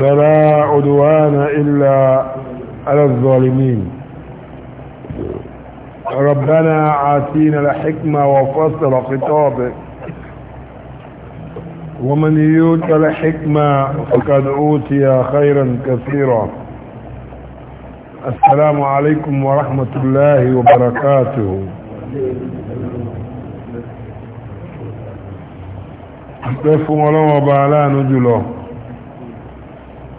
فلا عدوان إلا على الظالمين ربنا عاتينا الحكمة وفصل خطابك ومن يؤت الحكمة فقد أوتي خيرا كثيرا السلام عليكم ورحمة الله وبركاته أتفهم الله وبعلا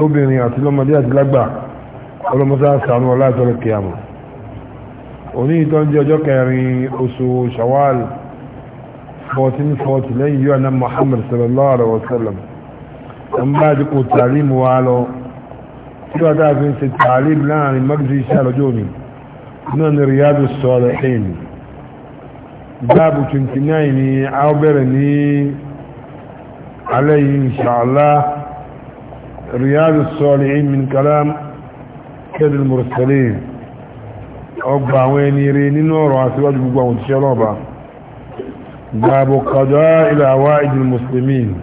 lóbìnrin àti lọ́mọdé àti lágbà ọlọ́mọdé àṣàánú aláàtọ́lẹ̀ kìyàmù òní ìtọ́ jẹ́ ọjọ́ kẹrin oṣù shawal 1440 lẹ́yìn yóò náà Muhammad sallallahu alaihi wasallam an bá jí kò tààlìm wa lọ tí wọ́n dáa fi ń ṣe tààlìm láàrin magdi iṣẹ́ lọ́jọ́ ni náà ni riyadu 29 ni a bẹ̀rẹ̀ رياض الصالحين من كلام كد المرسلين أبا وين يريني نور أسواج بقوة شرابة باب قضاء إلى عوائد المسلمين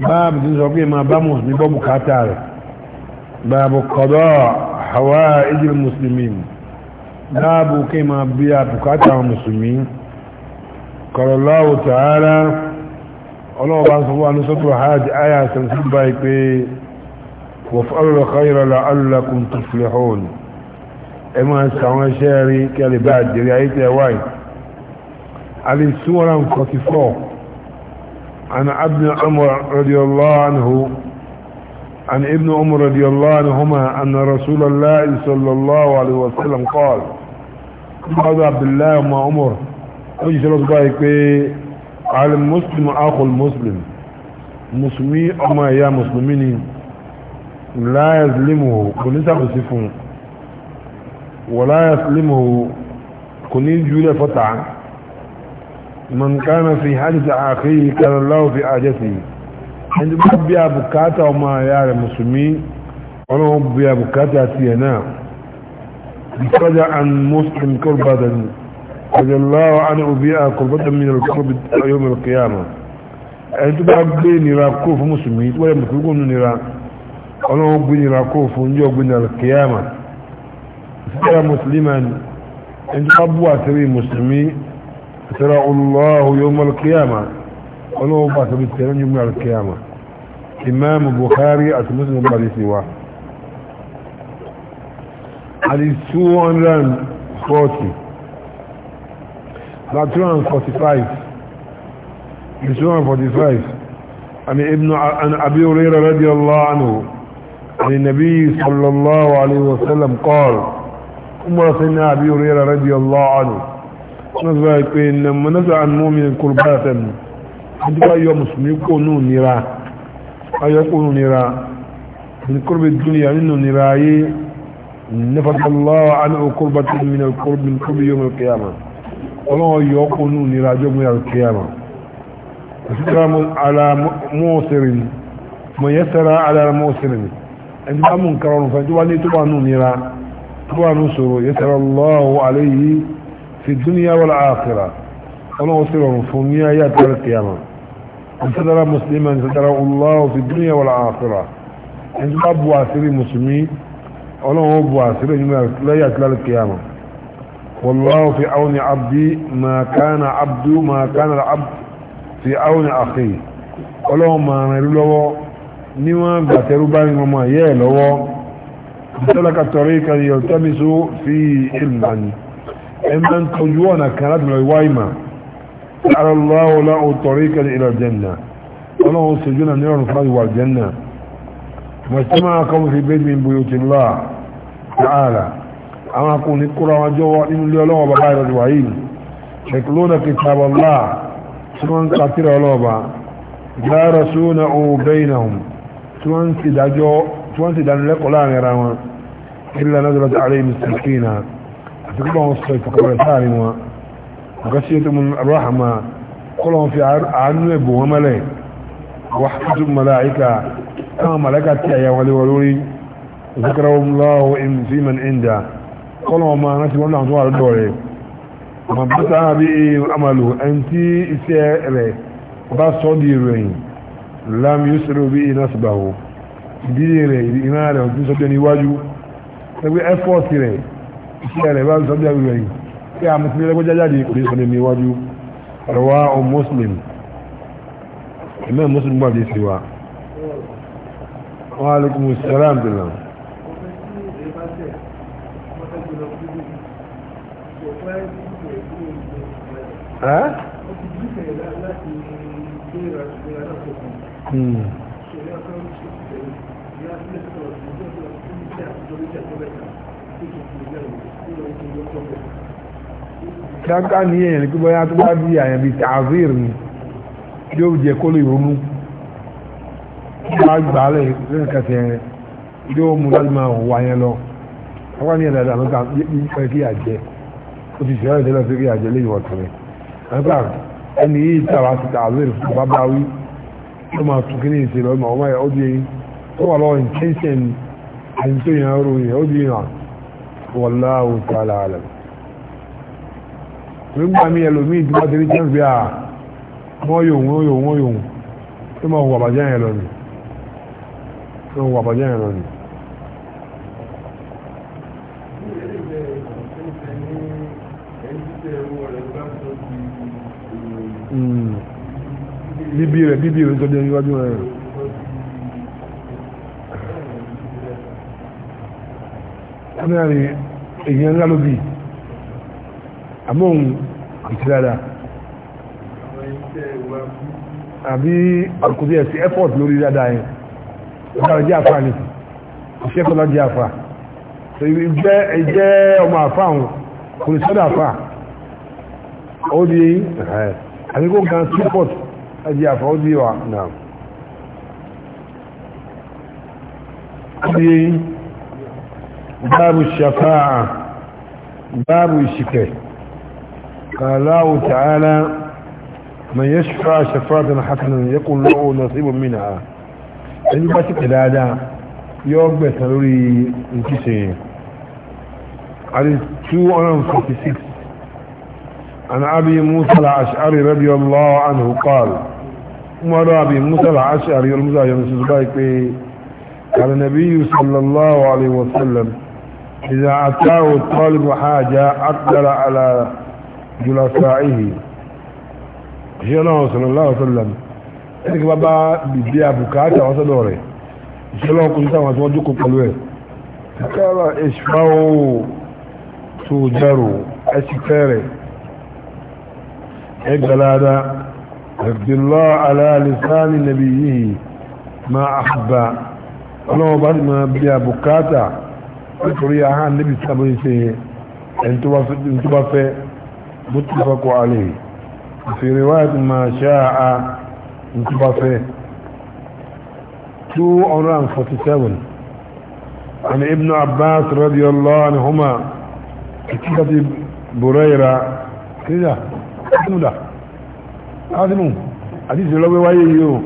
باب تنسوكي ما باموس باب كاتار باب قضاء حوائج المسلمين باب كما بيا بكاتا المسلمين قال الله تعالى ọlọ́wọ́ bá ń sọ wọn sọ́tọ̀ hajj aya sẹ́nsìn báyìí pé waf'alul khayra la'allakum tuflihun ẹ máa sàwọn iṣẹ́ rí kẹlẹ̀ bá àjẹrí ayé tẹ wáyé alẹ́ súnwọ́n náà forty four عن عبد عمر رضي الله عنه عن ابن عمر رضي الله عنهما أن رسول الله صلى الله عليه وسلم قال قال عبد الله وما عمر قال المسلم أخو المسلم مسلمي أما يا مسلمين لا يظلمه كنيسة بصفه ولا يظلمه كنين جولة فتعة من كان في حدث أخيه كان الله في حاجته عند بابي أبكاته وما يا المسلمين ولو بابي أبكاته سينا بفجأ عن مسلم كل دنيا رضي الله عنه بيئة قربة من الكرب يوم القيامة ẹni tó bá gbé nira kó fún mùsùlùmí tó wáyé mùsùlùmí gómìnà nira ọlọ́run gbé nira kó fún ní ọgbìn alkiyama ìsìkára mùsùlùmí ni ẹni tó bá bú àtẹ́rí mùsùlùmí ìsìkára olùlọ́hù yóò mọ́ alkiyama ọlọ́run bá àtẹ́rí tẹ́rẹ́ ní ọgbìn alkiyama imam bukhari àti muslim bá lè wa àdìsú 140 about 245 245 عن ابن عن ابي هريره رضي الله عنه عن النبي صلى الله عليه وسلم قال عمر سيدنا ابي هريره رضي الله عنه نزل بين لما نزل عن مؤمن كربات عند يوم مسلم يكون نيرا يكون نيرا من قرب الدنيا منه نراي نفذ الله عنه قربة من القرب من قرب يوم القيامه ọlọ́wọ́ yọ ọkùnrin nira jọmọ yàrá kíyàmà ìsìkàmù alamọ́sẹ̀rìn mọ̀yẹ́sẹ̀rà alamọ́sẹ̀rìn ẹni bá mú nǹkan ọrùn fẹ́jú wá ní tó bá nù nira tó bá nù sọ̀rọ̀ yẹ́sẹ̀rà lọ́wọ́ aléyìí fi dúníyà wal akhirah ọlọ́wọ́ sí rọrùn fún ní ayé àti yàrá kíyàmà ìsìkàmù mùsùlùmí ìsìkàmù ọlọ́wọ́ fi والله في عون عبدي ما كان عبد ما كان العبد في عون اخي ولو ما نلو نيوا غتروبا ماما يلو ذلك الطريق اللي يلتمس في علمان امن تجوانا كانت من الوائمة قال الله لا طريقا الى الجنة الله سجونا نيران فرد والجنة ما اجتمعكم في بيت من بيوت الله تعالى àwọn akọni kúrò àwọn jọwọ́ nínú ilé ọlọ́wọ́ bàbá ìrọ̀lẹ́ wáyé ni ṣèkúlónà kìtàbọ̀lá tí wọ́n ń kàtírà ọlọ́ọ̀bá gbára sóòna ohun bẹ́ẹ̀nà hùn tí wọ́n ti dánilẹ́kọ̀ọ́ láàrin ara wọn ilẹ̀ náà zọlọ́ta àrẹ mùsùlùmí àti kúrò wọn sọ ìfọkànlẹ̀ sáàrin wọn àkásíyẹ́tò الله إن في من عنده kọ́lọ̀ ọmọ rántí wọ́n láwọn tó wà lọ́dọ̀ rẹ̀ ọmọ bí sáà bí amalu ẹni tí iṣẹ́ rẹ̀ bá sọ́ di ìròyìn lam yusro bí iná sùgbàwò ìdílé rẹ̀ iná rẹ̀ ọdún sọ́jọ́ níwájú ẹgbẹ́ effort rẹ̀ iṣẹ́ rẹ̀ bá sọ́jọ́ ìròyìn kí a mọ̀ sí lẹ́gbẹ́ jájáde kò ní sọ́jọ́ níwájú rọwá o muslim ẹ̀mẹ́ muslim gbàdé sí wa wa alaikumus salam dáńká ní èèyàn ní pípọ́ yá tó bá bí àyàn bíi tààzír ni yóò jẹ́ kó lè ronú bá gbà á lẹ̀ lẹ́nu kẹsẹ̀ rẹ̀ yóò mú láti máa wà yẹn lọ wọ́n ní ẹ̀dá àlọ́ta yípa kí àjẹ́ ó ti ṣe ọ́ ìdẹ́lọ́sí kí àjẹ́ lè wọ̀ tẹ̀lé ẹgbà ẹni yìí tàbá ti tààzìr bá bá wí tó máa tún kí ní ìṣèlú ọmọ ọmọ ẹ̀ ó di eyín tó wà lọ́wọ́ intention ẹni tó yàn rò yẹn ó di eyín hàn wallahu ta'ala alam nígbà mí ẹlòmíì tí wọ́n ti rí chance bí wọ́n yòó wọ́n yòó wọ́n yòó tó máa wọ àbájá yẹn lọ tó máa wọ àbájá yẹn lọ bíbí rẹ̀ bíbí rẹ̀ tó dé níwájú rẹ̀ ọ̀nàrí èyàn ńlá ló bí àmóhun ìtìlára àbí ọkùnrí ẹ̀sí airport lórí dáadáa yẹn ọ̀dára jẹ́ àfà ní ìṣẹ́kọ̀lá jẹ́ àfà ìjẹ́ ọmọ àfà àwọn kò ní sọ́dọ̀ àfà ó di àríkò kan airport أجي أفعودي و... نعم أجي باب الشفاعة باب الشكاية قال الله تعالى من يشفع شفاعة حسنة يقول له نصيب منها إن باتك لادا يوقف سنوري انكسين على 246 عن أبي موسى الأشعري رضي الله عنه قال mọ́rọ̀ àbí musala aṣe àríyọ musa yọ musu zuba pé kàrìnàbí yìí sallallahu alaihi wasallam ìdá àtàwò tọ́lùbù hajjá àtàrà àlà jùlọsáìhì ṣe náà sallallahu alaihi wasallam ẹni kí bá bá bìbí àbùkátà wọ́n sọ́dọ̀ rẹ̀ ṣe lọ́wọ́ عبد الله على لسان نبيه ما أحب الله بعد ما بيا بكاتا nítorí àhán níbi sábà ṣe ẹni tó bá fẹ́ bó ti fọ́kọ̀ alẹ́ ìfèrè wá ti máa ṣáà ní tó bá fẹ́ 247 عن ابن عباس رضي الله عنهما كتابة بريرة كده كده ádùnù àdìsí عزيز wáyé yìí o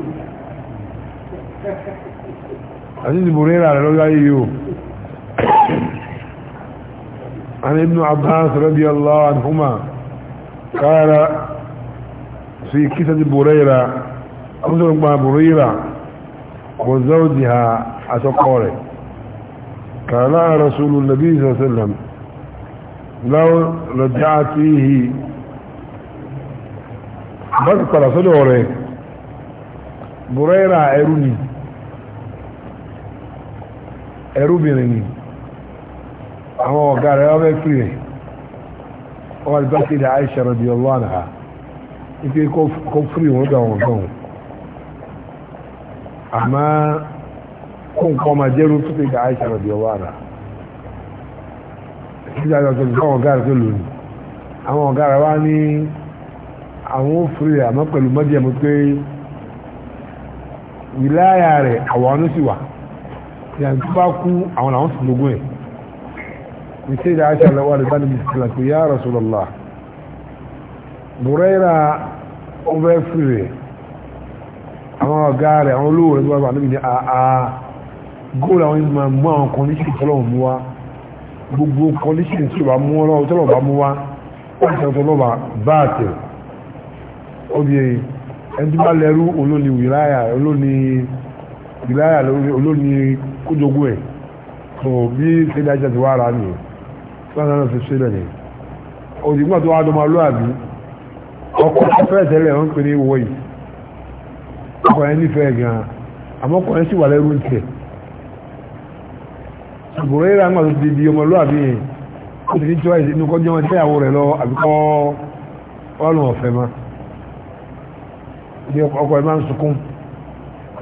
عزيز bòrera rẹ̀ lọ́wọ́ wáyé عن ابن عباس رضي الله عنهما قال في كسد بريرة أمسك مع بريرة وزوجها أتقاري قال رسول النبي صلى الله عليه وسلم لو رجعت فيه wọ́n ti padà sọ́dọ̀ rẹ̀ bùrẹ́rà ẹrú ni ẹrúbìnrin ni àwọn ọ̀gá rẹ̀ wọ́n fẹ́ pè é wọ́n ti bá ti dà Aisha radiyallahu anha ike kó fúri wọn gbà wọn gbà wọn àmọ́ kó nǹkan ọmọ jẹ́rú tó ti dà Aisha radiyallahu anha ìdíjà ìdàgbàsọ̀rọ̀ àwọn ọ̀gá rẹ̀ tó lò àwọn ọ̀gá rẹ̀ wá ní àwọn òfurufú rẹ̀ àmọ́ pẹ̀lú mọ́díẹ̀mú pé wìláyà rẹ̀ àwọn ọ̀nà sì wà yàtú bá kú àwọn àwọn sì lógún ẹ̀ ní sí ìdá aṣọ àlọ́wọ́ àlùbá níbi ìsìlá pé yá Rasulullah bùrẹ́ra ọbẹ̀ fìrẹ̀ àwọn ọ̀gá rẹ̀ àwọn olówó rẹ̀ tó wà níbi ní àà góòlù àwọn ìmọ̀ mú àwọn kọ́ndíṣìn tọ́lọ̀ mú wa gbogbo kọ́ndíṣìn tí ó bá mú ọlọ́wọ́ tọ́lọ̀ bá mú wa wọ́n ti sọ tọ́lọ̀ bá báàtì rẹ̀ obìnrin ẹni bá lẹ́rú olóni wìláyà olóni wìláyà olóni kójogún ẹ̀ tó bí sẹ́dá ìṣẹ́ ti wá ara nìyẹn tí wọ́n náà ti ṣe lẹ́yìn òdìgbà tó wá dọ́mọ lóàbí ọkọ̀ fẹ́ tẹ́lẹ̀ wọ́n ń pè ní wọ́yì ọkọ̀ yẹn nífẹ̀ẹ́ gan-an àmọ́ ọkọ̀ yẹn sì wà lẹ́rú ní tiẹ̀ àbúrò yìí ráńgbà tó ti di ọmọlúwàbí yẹn ó ti ní choice inú kọjọ́ wọn tẹ́yàwó rẹ̀ lọ àbíkọ́ ọlùwọ̀n ọ̀fẹ́ máa ní ọkọ̀ ẹ̀ máa ń sunkún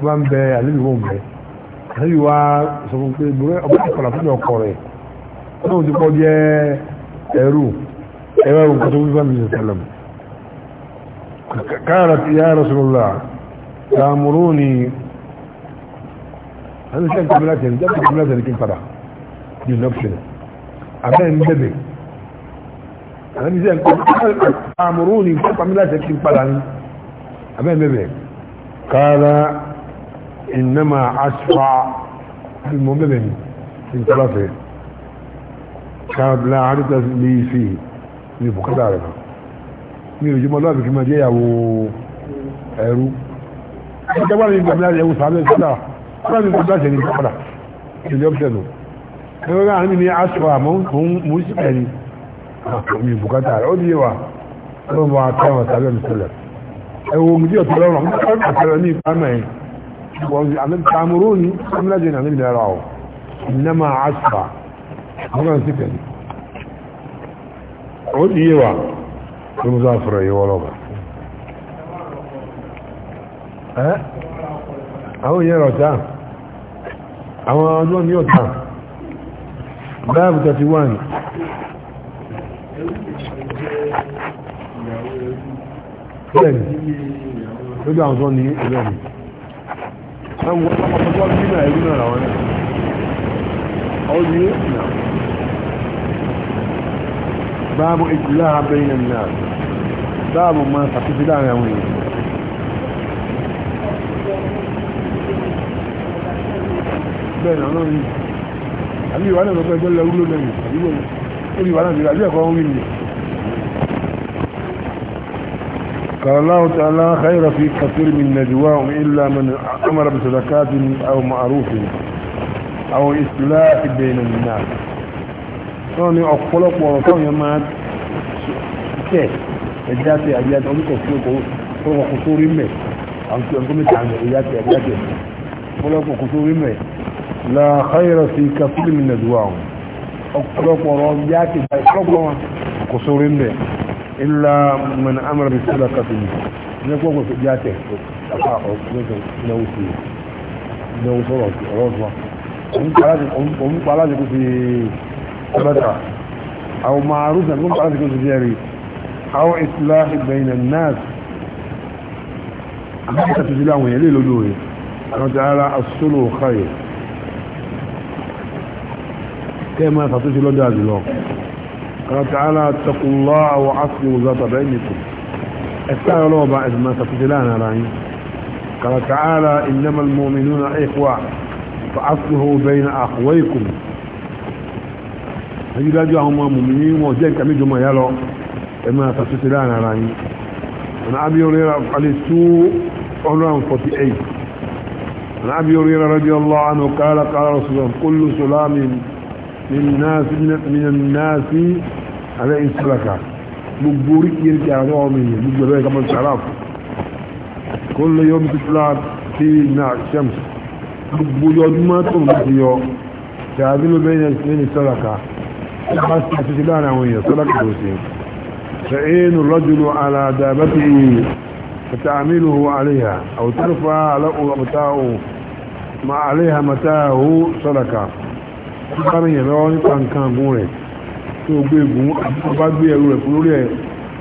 máa ń bẹ àlejò wọn bẹ àlejò wa sọ fún pé bùrẹ́ ọba ìkọlà fún ọkọ rẹ̀ ọlọ́run ti pọ̀ jẹ́ ẹrú ẹ̀rọ ẹ̀rù nǹkan tó wí bá mi ní sẹ́lẹ̀ mu káàrà ti yá Rasulullah tààmùrú ni ẹni sẹ́ni tó bílá tẹ̀lé jáde tó padà ní abẹ́ bẹ̀bẹ̀ kára ìnáma aṣfà alìmọ̀ bẹ̀bẹ̀ ni ìtọ́láfẹ́ káàbílá àríkà lè fi ní bùkátà rẹ̀ náà ní òjúmọ́ lọ́bì kí máa jẹ́ ìyàwó ẹ̀rú ìjọba ní ìgbàmílá ìyàwó sàbẹ̀ sílá ọlọ́bì kò dáṣẹ̀ ní ìjọba ìjọ ọ̀pẹ̀lú ẹgbẹ́ náà ní aṣfà mú sí ẹ̀rí mi bùkátà rẹ̀ ó di yẹwà ọlọ́bà àtàwọn sàbẹ̀ sílẹ̀ ẹ̀wọ̀n omi tí ọ̀tọ̀ lọ́rọ̀ ọ̀hún àtẹ̀rẹ̀ ní ìpamẹ́ wọ́n tààmùrú ní ọmọlẹ́jìn àmì ìlera ọ̀ ìnáma àṣà ọgbọ̀n sí pẹ̀lú ó ti yé wa ló mú sá fọ̀rọ̀ yìí ẹ́ àwọn 31 bẹ́ẹ̀ni lójú àwọn tó ní ẹgbẹ́ mi àwọn ọmọkọ̀tọ́ bí náà ẹgbẹ́ náà làwọn náà àwọn ní náà báàbù ìjìlá abẹ́yìn náà báàbù máa sàkísí láàrin àwọn èèyàn bẹ́ẹ̀ni àwọn ní àbí ìwà náà lọ́pẹ́ ẹgbẹ́ lẹ́wúlò lẹ́yìn àbí ìwà náà lọ́pẹ́ ẹgbẹ́ lẹ́wúlò lẹ́yìn قال الله تعالى خير في كثير من نجواهم إلا من أمر بصدقات أو معروف أو إصلاح بين الناس wọ́n ní ọ̀pọ̀lọpọ̀ ọ̀rọ̀ táwọn yẹn máa tẹ̀ ẹ̀dá tẹ̀ àbí àti ọdún kọ̀ọ̀kan kò kò tó rí mẹ̀ àwọn tí ọdún mẹ́ta àmì ẹ̀dá tẹ̀ àbí àti ọ̀pọ̀lọpọ̀ kò tó rí mẹ̀ la khayra fi kafílì ọ̀pọ̀lọpọ̀ ọ̀rọ̀ إلا من أمر بصدقة نقول في جاته تقاعد نوسي نوسي روضة أم قلاتك في سبتة أو معروفة أم قلاتك في جاري أو إصلاح بين الناس أحكى تجلاه يليل له أنا تعالى الصلو خير كما تطيش له دازي له قال تعالى اتقوا الله وعصروا ذات بينكم استعلوا لهم بعد ما تفتلان رأي قال تعالى إنما المؤمنون إخوة فاصلوا بين أخويكم هذه لا جاءهم المؤمنين وجاء كميجوا ما يلو إما تفتلان رأي أنا أبي هريرة عليه السوء 48 عن ابي هريره رضي الله عنه قال قال رسول الله كل سلام من الناس من الناس alẹ́ ìsìlẹ̀ka gbogbo orí kiri kí àwọn ọmọ ènìyàn gbogbo ẹ̀rọ ìkàmọ́ sàràf kó lè yọ mítí fúlá tí na shams gbogbo yọ ọdún máa tó nǹkan ti yọ tàbí ló bẹ́ẹ̀ ní sọ́làkà bá sì ti ti láàrin àwọn èèyàn sọ́làkà tó ṣe فعين الرجل على دابته فتعمله عليها أو ترفع له متاعه ما عليها متاعه سلكا كان يرون كان كان بوريك kí o gbé egun àbúkọ bá gbé ẹrù rẹ̀ fún lórí ẹ̀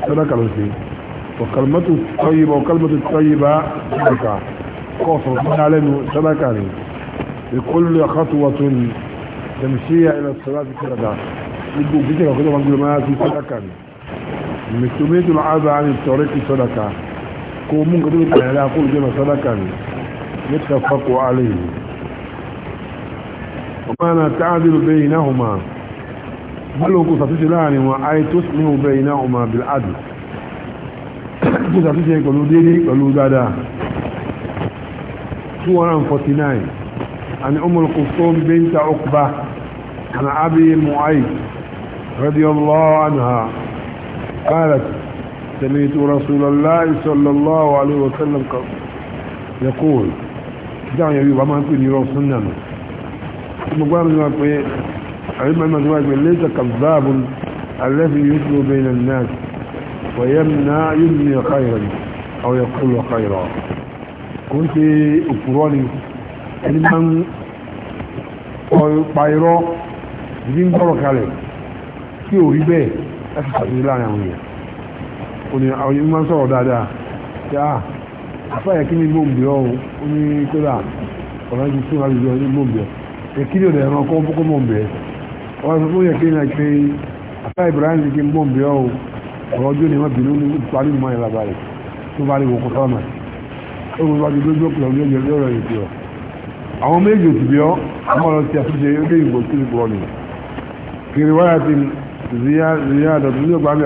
sọ́dọ̀ kàlọ́sí ọ̀kàlmọ́tò tọ́yìnbá ọ̀kàlmọ́tò tọ́yìnbá sọ́dọ̀kà kọ́ sọ̀rọ̀ fún alẹ́nu sọ́dọ̀ kàrí ìkọlù àkọ́tùwọ̀ tó ní tẹ̀mísíyà ilẹ̀ sọ́dọ̀ ti kẹ́rẹ̀ dá gbogbo gbígbé kọ́kọ́ tó máa gbé máa fi sọ́dọ̀ kàrí mẹtòmẹ́tò àbá ni tọ́rẹ́ ti sọ́dọ̀ kà kó mú nǹkan tó kàn yàrá kó jẹ́ sọ́dọ̀ kàrí yẹ́tà fọ́kọ̀ alẹ́ yìí. وما تعدل بينهما alóòkú sàtúnṣe láàrin wọn ayé tó sì ní ọbẹ̀ iná ọmọ abil adu tó sàtúnṣe pẹ̀lú dédé pẹ̀lú dáadáa 249 àni Ummul Kulthum binta Uqba àna abi mu'ayi radiyallahu anha قالت سمعت رسول الله صلى الله عليه وسلم يقول دعني يبقى ما نكون يرى سنة مقام ما علم المزواج من ليس كذاب الذي يتلو بين الناس ويمنع يبني خيرا او يقول خيرا كنت اكراني علما بايرو جين قرو كالي كي اوري بي اتحدي لا يعني oni àwọn yìí máa ń sọ̀rọ̀ dáadáa tí a afáyà kí ni gbòǹbì ọ́ ó ní kódà ọ̀rọ̀ ju tún àlùjọ ní gbòǹbì ẹ̀ kí ni ọ̀dẹ̀ ẹ̀rọ kọ́ bókó gbòǹbì ẹ̀ wọ́n sọ fún yẹ kí n àti afá Ibrahim ti ń bọ̀ ń bẹ̀ ọ́ ọ̀rọ̀ ọjọ́ ni wọ́n bínú ní ìparí mọ́ ìlà balẹ̀ tó bá rí wò kó sọ́mà ó wọ́n wájú lójú ọ̀pọ̀ lọ́wọ́ lójú ọ̀rọ̀ ọ̀rọ̀ ìbí ọ́ àwọn méjì òtù bí ọ́ àwọn ọ̀rọ̀ ti àtúnṣe ilé ìgbò kí nìkọ́ ni kiri wáyà ti ziyada ní ọgbà ní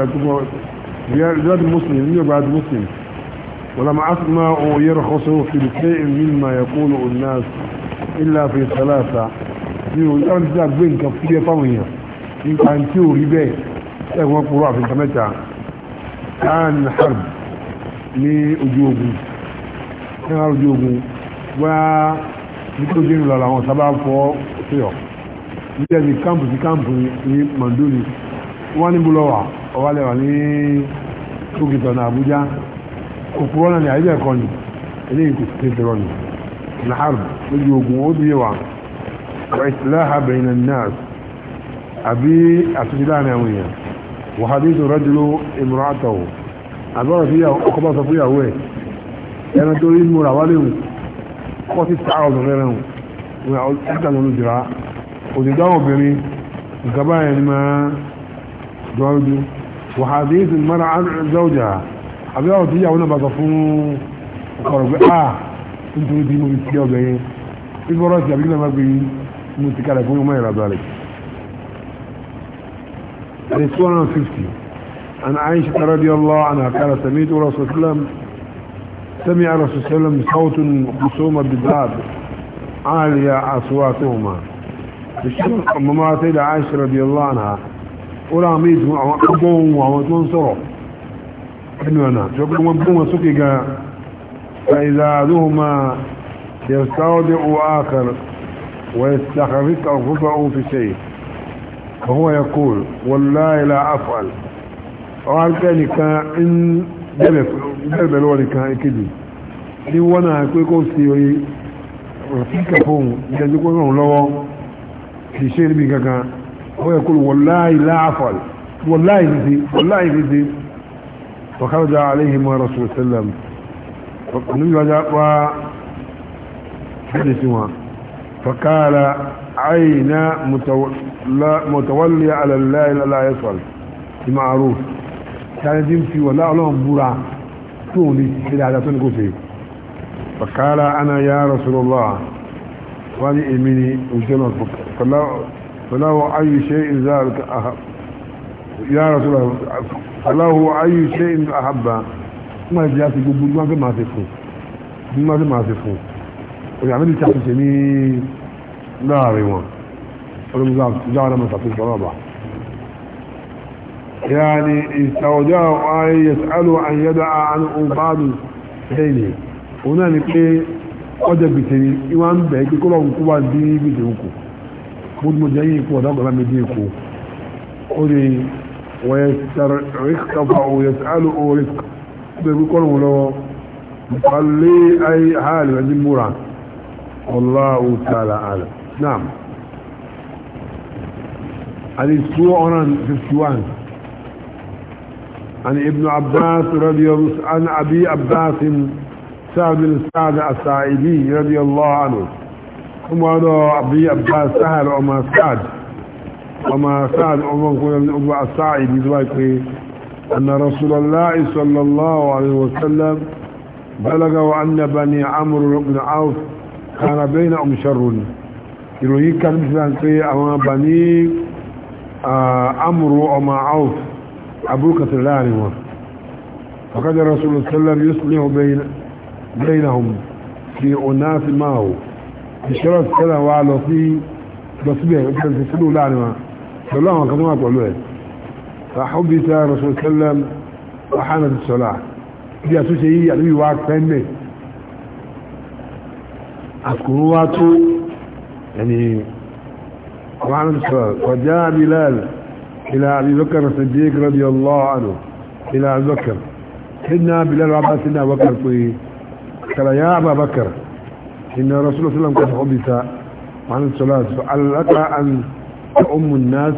ọgbà ولما أسمع يرخص في شيء مما يقول الناس إلا في ثلاثة ní o yára ti dá gbé nǹkan fúlẹ̀ fáwọn èèyàn nípa tí ò rí bẹ́ẹ̀ ẹ̀wọ̀n kúrò àfihàn mẹ́ta khan harb ní ojú ogun ní ara ojú ogun wá nítorí ojú ìlú àwọn sábà fọ́ fíọ̀ níjẹ́ ní kámpù sí kámpù ní mandoli wọ́n ní búlọ́wà ọ̀wálẹ̀wà ní tókìtọ̀ ní Àbújá òpùrọ̀ náà ní àyíbẹ̀ kọ́ni eléyìí kò sí tẹ́tẹ̀rọ̀ ní harb lójú ogun ó bí wà وإصلاح بين الناس أبي أسجلان يوميا وحديث رجل امرأته أبرا فيها أخبار فيها هو أنا تقول إنه رواليه قوة التعاوض غيره ويقول أحد من الجراء وتدعو بني القبائل ما زوجه وحديث المرأة عن زوجها أبي أرى فيها هنا بطفون وقالوا آه انتوا يدينوا بالسيوبة ايه البراس يبقى لما بيه mo ti kalẹ̀ fún ọmọ ìrìnàjò rẹ̀ ẹni 250 an aisha radiyallahu anha kala sami tó rasu islam sami a rasu islam sautun musoma bidad aliya asuwa tó ma bishin mamma sai da aisha radiyallahu anha ura mai tun àwọn agbóhun àwọn tó ń sọ̀rọ̀ ẹni wana tó ga fa ìzàdóhùn ma yastaudi'u akar ويستخرج أنفسهم في شيء فهو يقول والله لا أفعل وعن ذلك إن جلس جلس الولك هكذا ni wọ́n náà pé kó sí orí rọ̀fíkà fún ìjẹjú kó ràn lọ́wọ́ kìí ṣe níbi gangan ó yẹ kó wọláì láàfàl wọláì fífi wọláì fífi ọ̀kárọ̀já aléhìmọ̀ rasulullah sallam ọ̀nà ìwájá wá ṣẹ́lẹ̀ sí wọn فقال عين متولي على الله لا يصل بمعروف كان يمشي ولا لهم برا توني الى هذا توني فقال أنا يا رسول الله وانا امني وجنة فلا فله اي شيء ذلك احب يا رسول الله فله أي شيء أحب ما جاءت يقول ما في ما تفوت ما في ما تفوت òyà níbi ṣàtúnṣe ní láàrin wọn olùgbà jáwọn ọmọ ṣàtúnṣe ọlọ́ba يعني استودع يسأل أن يدع عن بعض شيء هنا نقول ọjọ́ gbèsè ni ìwà ń bẹ̀ kí kọ́lọ̀ kó wá dé gbèsè òkú gbogbo jẹ́ yìí kú ọ̀dọ́ ọ̀gá mi dé kú ó lè wọ́n ríkàfà òyẹ̀sálù orí bẹ̀rù kọ́lọ̀ wọn lọ́wọ́ pàlẹ́ àìhàlì ẹ̀dín múra الله تعالى أعلم نعم في 251 عن ابن عباس رضي الله عن أبي عباس سعد بن سعد الساعدي رضي الله عنه وما أبي عباس سهل وما سعد وما سعد كل وما أبو الساعدي أن رسول الله صلى الله عليه وسلم بلغ أن بني عمرو بن عوف كان بينهم شر يروي كان مثلا في بني آه، امر وما عوف ابوك تلاني فقد الرسول صلى الله عليه وسلم يصلح بين بينهم في اناس ما هو بشرى السلام وعلى في تصبيح يمكن في سلو لعنة سلام وقدمات وعلوات فحبت الرسول صلى الله عليه وسلم وحانت السلاح يا سوشي يعني واقف فهمت àkùrú wá tó ẹni wọ́n sọ kọjá bilal ilá abubakar sadiq radiyallahu anhu ilá abubakar sidna bilal wa bá sidna abubakar pé kala ya abubakar inna rasulullah sallam kan hobita wọ́n sọ láti alaka an ta'ummu nas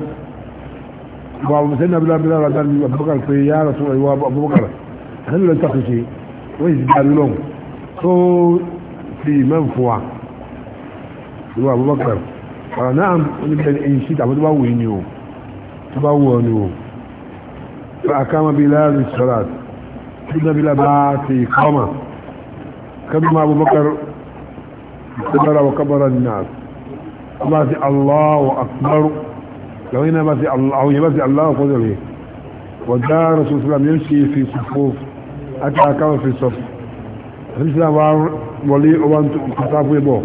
babu sidna bilal bilal wa dan abubakar pé ya rasulullah wa abubakar hannun so في منفوع هو ابو بكر قال نعم náà oníbẹ̀ ẹ̀yìn sí وينيو tó bá فاقام بلال الصلاة سيدنا بلال باتي قام كما أبو بكر كبر وكبر الناس باتي الله أكبر لو هنا باتي الله أو يباتي الله قدره ودار رسول الله يمشي في صفوف أتى كما في الصف رسول wọlé ọwá sáfú ẹbọ̀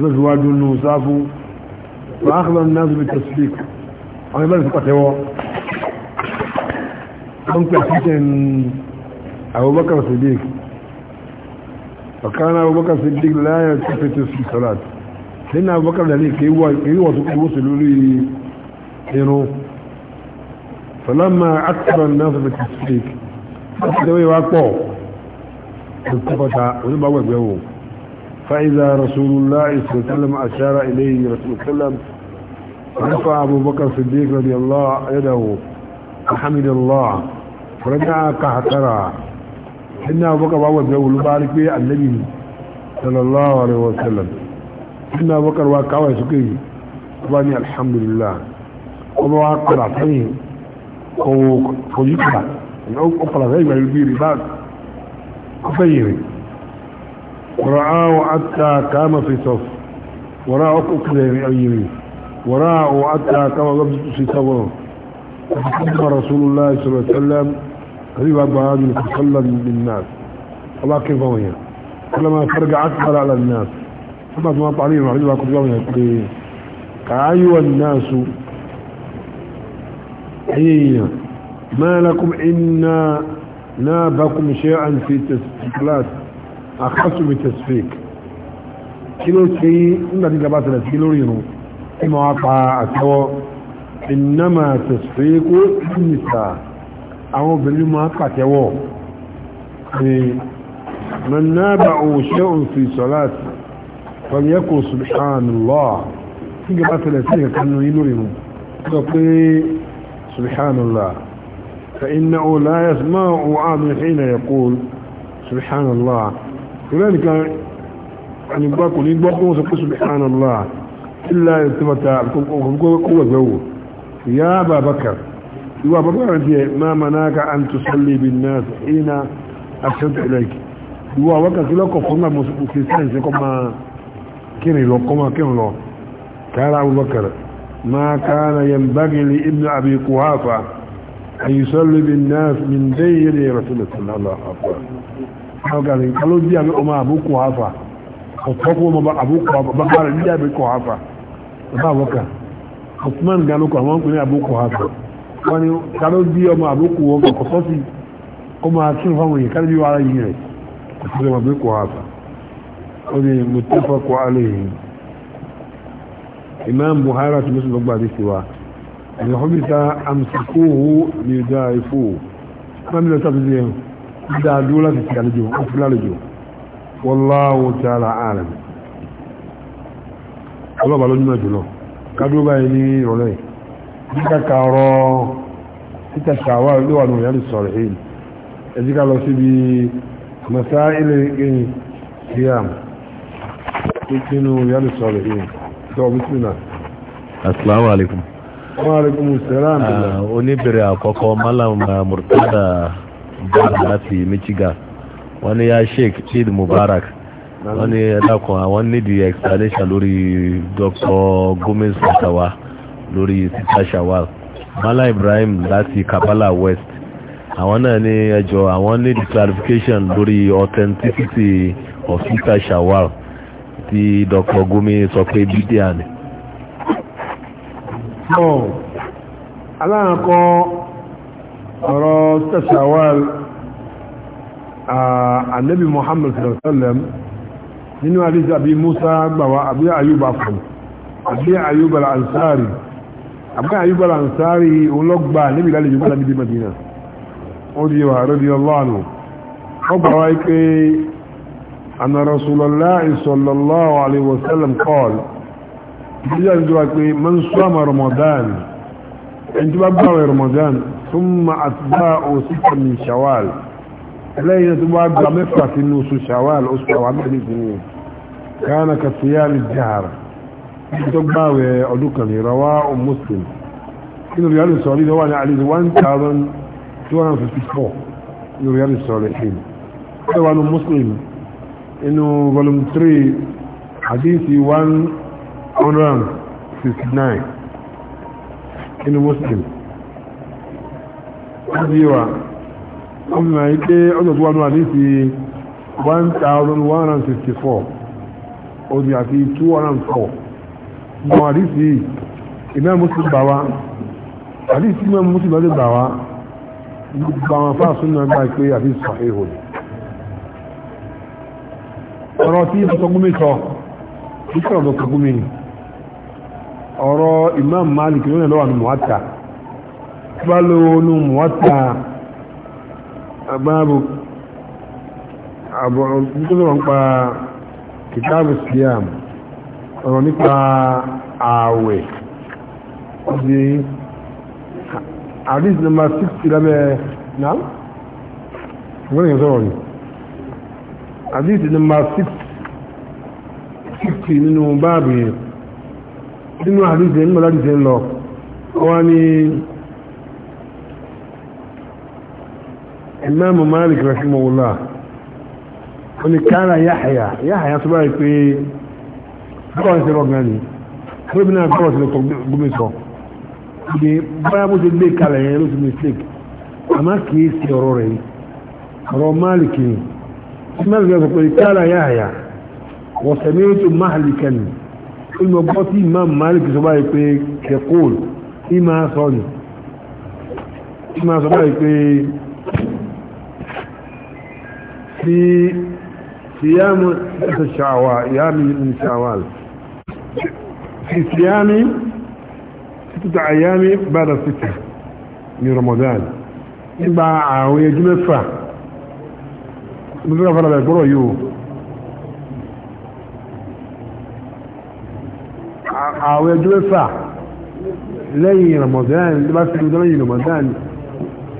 lọ́síwájú nù sáfú fàákàlá náà bí tẹ̀sílík àwọn ẹgbẹ́ ìsìpàtẹ́wọ́ wọ́n pẹ̀ síkẹ̀ẹ́n abubakar sadiq fakana abubakar sadiq láyé kẹfẹ́tì sí salat nínú abubakar dalí kì í wọ́n tó kú sí lórí irun fọlọ́mà akẹ́rọ̀ náà bí فإذا رسول الله صلى الله عليه وسلم أشار إليه رسول الله صلى الله عليه وسلم رفع أبو بكر الصديق رضي الله يده الحمد الله فرجع قهقرا حين أبو بكر أول جو المبارك به النبي صلى الله عليه وسلم حين أبو بكر وقعوا سكي واني الحمد لله عقل عطيه فيه وفجيكرا عقل غير البير بعد كفيري ورآه حتى كام في صف ورآه أكلم يعني يمين ورآه حتى كام في صف فقدم رسول الله صلى الله عليه وسلم قريبا بهذه صلى للناس الله كيف هي كلما فرق أكبر على الناس ثم أتمنى الله كيف هو هي إيه؟ أيها الناس هي ما لكم إنا نابكم شيئا في تسكلات àkọ́sù with his fake kí ló ṣe nígbà tí gaba ṣẹlẹ̀ sí lórí irun ẹ máa pa àtẹwọ́ ìnáma tẹ̀síkó mínísà àwọn obìnrin máa pàtẹ́wọ́ ni mọ̀nàbà òṣẹ́ òǹfì sọ́láàtì pẹ̀lú ẹkùn subhanallah tí gaba ṣẹlẹ̀ sí ìkankan lórí irun sọ pé subhanallah فإنه لا يسمع أحد حين يقول سبحان الله ìrẹ́ nìkan ànígbà kò ní gbọ́ pé wọ́n sọ pé subhanallah ilá ìtìmọ̀ta kọ́wọ́gbẹ́ wò ya babakar ìwà babakar ti ẹ̀ máa ma náà ka an tó sọ́lé bí náà ina asẹ́ntì ilẹ̀kì ìwà wákàtí lọ́kọ̀ fún ma mọ̀sùkú kí sáyẹ̀nsì kọ́ ma kírin lọ kọ́ ma kírin lọ kára abubakar ma kana yan bagili ibn abi kuhafa an yi bí náà min dẹ́yẹ̀ rẹ̀ rasulullah sallallahu alaihi wa kagare kalo biya bi oma abu kuhafa ọ̀tọ́ kó ma abu kuhafa bakara biya bi kuhafa ọba wọ́ka osman gano kọ àwọn kùnrin abu kuhafa wọ́n ni kalo biya ọmọ abu kuhafa kọ̀tọ́ sí ọmọ akínú fáwọn yìí kálí bí wàhálà yìí rẹ̀ kọ̀tọ́ ọmọ abu kuhafa ó ní mutafa kọ alẹ́ yìí imam buhari àti muslim gbogbo àti tiwa ẹ̀yìn ọ̀hún bí sá amsakuhu ni dáa ifo mi lọ sábẹ́ da dole su ci aljo su aljo wallahu ta'ala alam Allah ba lójú mẹ́jọ lọ kádúró báyìí ní ìrọ̀lẹ́ nígbà kààrọ̀ títà ṣàwà ló wà lórí àti sọ̀rọ̀ èyí ẹjíká lọ síbi masá ilẹ̀ ìgbẹ̀yìn kíyàm tó kínú yàlì sọ̀rọ̀ èyí tó bísmìnà assalamu alaikum wa alaikum assalam oníbẹ̀rẹ̀ àkọ́kọ́ malam murtada jihar lati michigan wani ya sheikh eid mubarak Wani ní ẹlẹ́kùn wani di explanation lori dr gomez satawa lori sita shawal mala ibrahim Lati kabbalah west àwọn náà ní ẹjọ́ àwọn nídìí clarification lórí authenticity of sita shawal ti dr gomez sọ pé bídíà ni. aláǹkọ́ ọ̀rọ̀ tẹ́sàwàl annabi muhammad sallam nínú àdíjì àbí musa gbàwà àbí ayúbà fún àbí ayúbà al'ansari àbí ayúbà al'ansari ológbà níbi lálẹ́ yóò gbọ́nà níbi madina ó di wà rẹ̀bí ọlọ́nu ó gbàwà ike anna rasulallah sallallahu alaihi wasallam kọl bí yà ń jọ pé man sọ́mà ramadan ẹni tí bá gbàwà ramadan ثم أتباع ستة من شوال إلينا تبقى مفرة النوس شوال أسوة وعمل سنين كان كالصيام الجهر تبقى أدوكني رواء مسلم إنه ريال الصالحين هو أنا عليه 1254 إنه ريال الصالحين هو أنا مسلم إنه volume 3 حديثي 169 إنه مسلم àbíwà ọmọ ike ọjọ́ tó wà ní àdísì 1164 odi àti 204 mọ àdísì ìmẹ́ mùsùlùmí bà wá àdísì ìmẹ́ mùsùlùmí bà wá gbogbo àwọn fáàsùn náà gbà pé àdísì sàhíhò ni ọ̀rọ̀ tí ìbùsọ̀gúnmí sọ ìṣẹ́ ọ̀dọ̀ kọ̀gúnmí ọ̀rọ̀ Imam Malik lónìí lọ́wọ́ àmì mọ́ta قبلوا نموتا باب أبو كتاب الصيام ọ̀rọ̀ nípa ààwẹ̀ ọdí àdís nọmbà 60 lábẹ́ náà wọ́n yẹn sọ́rọ̀ ni àdís nọmbà 60 nínú báàbì nínú àdís ẹ̀ nínú àdís ẹ̀ lọ wọ́n ni imam malik rahimahullah ó ní kára yáhàyà yáhàyà tó báyìí pé bọ́ọ̀ sí rọ̀gán ni lóbi náà bọ́ọ̀ sí lọ́tọ̀ gómi sọ ìdí báyà bó ti gbé kalẹ̀ yẹn ló ti mistake àmọ́ kìí sí ọ̀rọ̀ rẹ̀ yìí ọ̀rọ̀ malik ni malik sọ pé kára yáhàyà wọ́n sẹ̀mí ètò mahalikan ó ní ọgbọ́ malik sọ báyìí pé kẹkọ́ọ̀lù ìmọ̀ sọ ni ìmọ̀ sọ báyìí في صيام شعوال ايام من شعوال في صيام ستة أيام بعد ستة من رمضان يبقى عاوية جمفة مدرسة فرد الكرة يو àwẹ̀ ọjọ́ mẹ́fà لي رمضان bá رمضان ọjọ́ رمضان Ramadan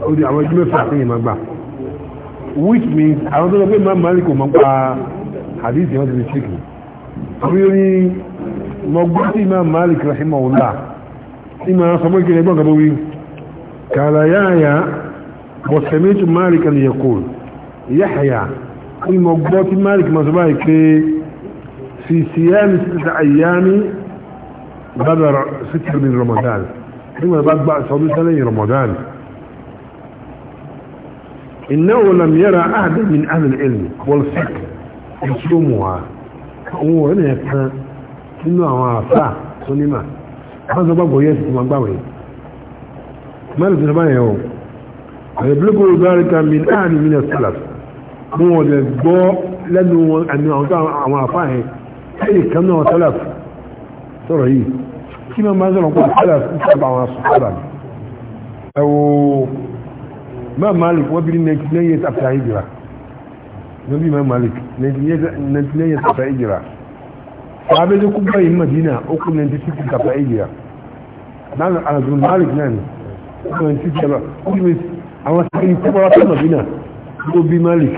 ó di àwẹ̀ ọjọ́ mẹ́fà which means àwọn tó lọ pé máa malik ò mọ́ pa hadith yẹn wọ́n ti fi ṣíkì àwọn yóò ní mọ̀gbọ́n sí máa malik rahimahullah sí máa sọ mọ́ ìkìlẹ̀ gbọ́n kan tó wí kàlà yáàyà bọ̀sẹ̀mẹ́tù malik ni yẹ̀kùn yáàyà ní mọ̀gbọ́n sí malik máa sọ báyìí pé fi siyami sita ayyami badar sitar min ramadan ní wọ́n bá gbà sọdún sẹ́lẹ̀ ramadan إنه لم يرى أحد من أهل العلم والفقه يسلمها هو هنا يكفى إنه عفا سلمة هذا بابه يسلم من بابه ما لسلم يوم ويبلغ ذلك من أهل من السلف هو يبقى لأنه أنه عفاه أي كم نوع سلف ترى كما ما زال نقول سلف سبعة وصحابة أو Imam Malik wọ́n bí ní 99 years after hijira wọ́n bí Imam Malik 99 years after hijira sàbẹ̀ tó kú báyìí Madina ó kú 96 after hijira náà alàdùn Malik náà ni ó kú 96 yàrá ó kú àwọn sàbẹ̀ tó bọ́ra fún Madina ó bí Malik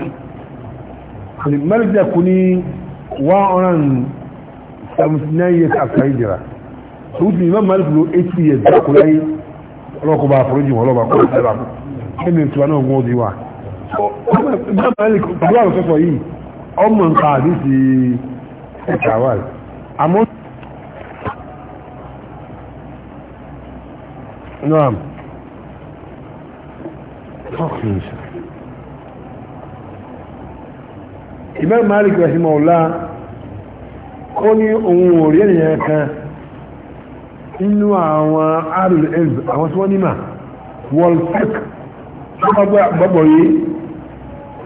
Malik dà kú ní 179 years after hijira tó kú Imam Malik ló 80 years dákúláyé ọlọ́kọ̀ bá àforíjì wọn ọlọ́ba kọ́ ẹni tí wọn náà wọ́n di wa bàbá àwọn sọ́sọ́ yìí ọmọ nǹkan àdìsí ẹ̀ka wà àmọ́ náà tọ́kìnsì ìbẹ́ Malik rahimah ọ̀la ó ní ohun orí ènìyàn kan nínú àwọn arìnrìn àwọn tí wọ́n nímà wọ́lfẹ́kì gbọ́gbọ́ yìí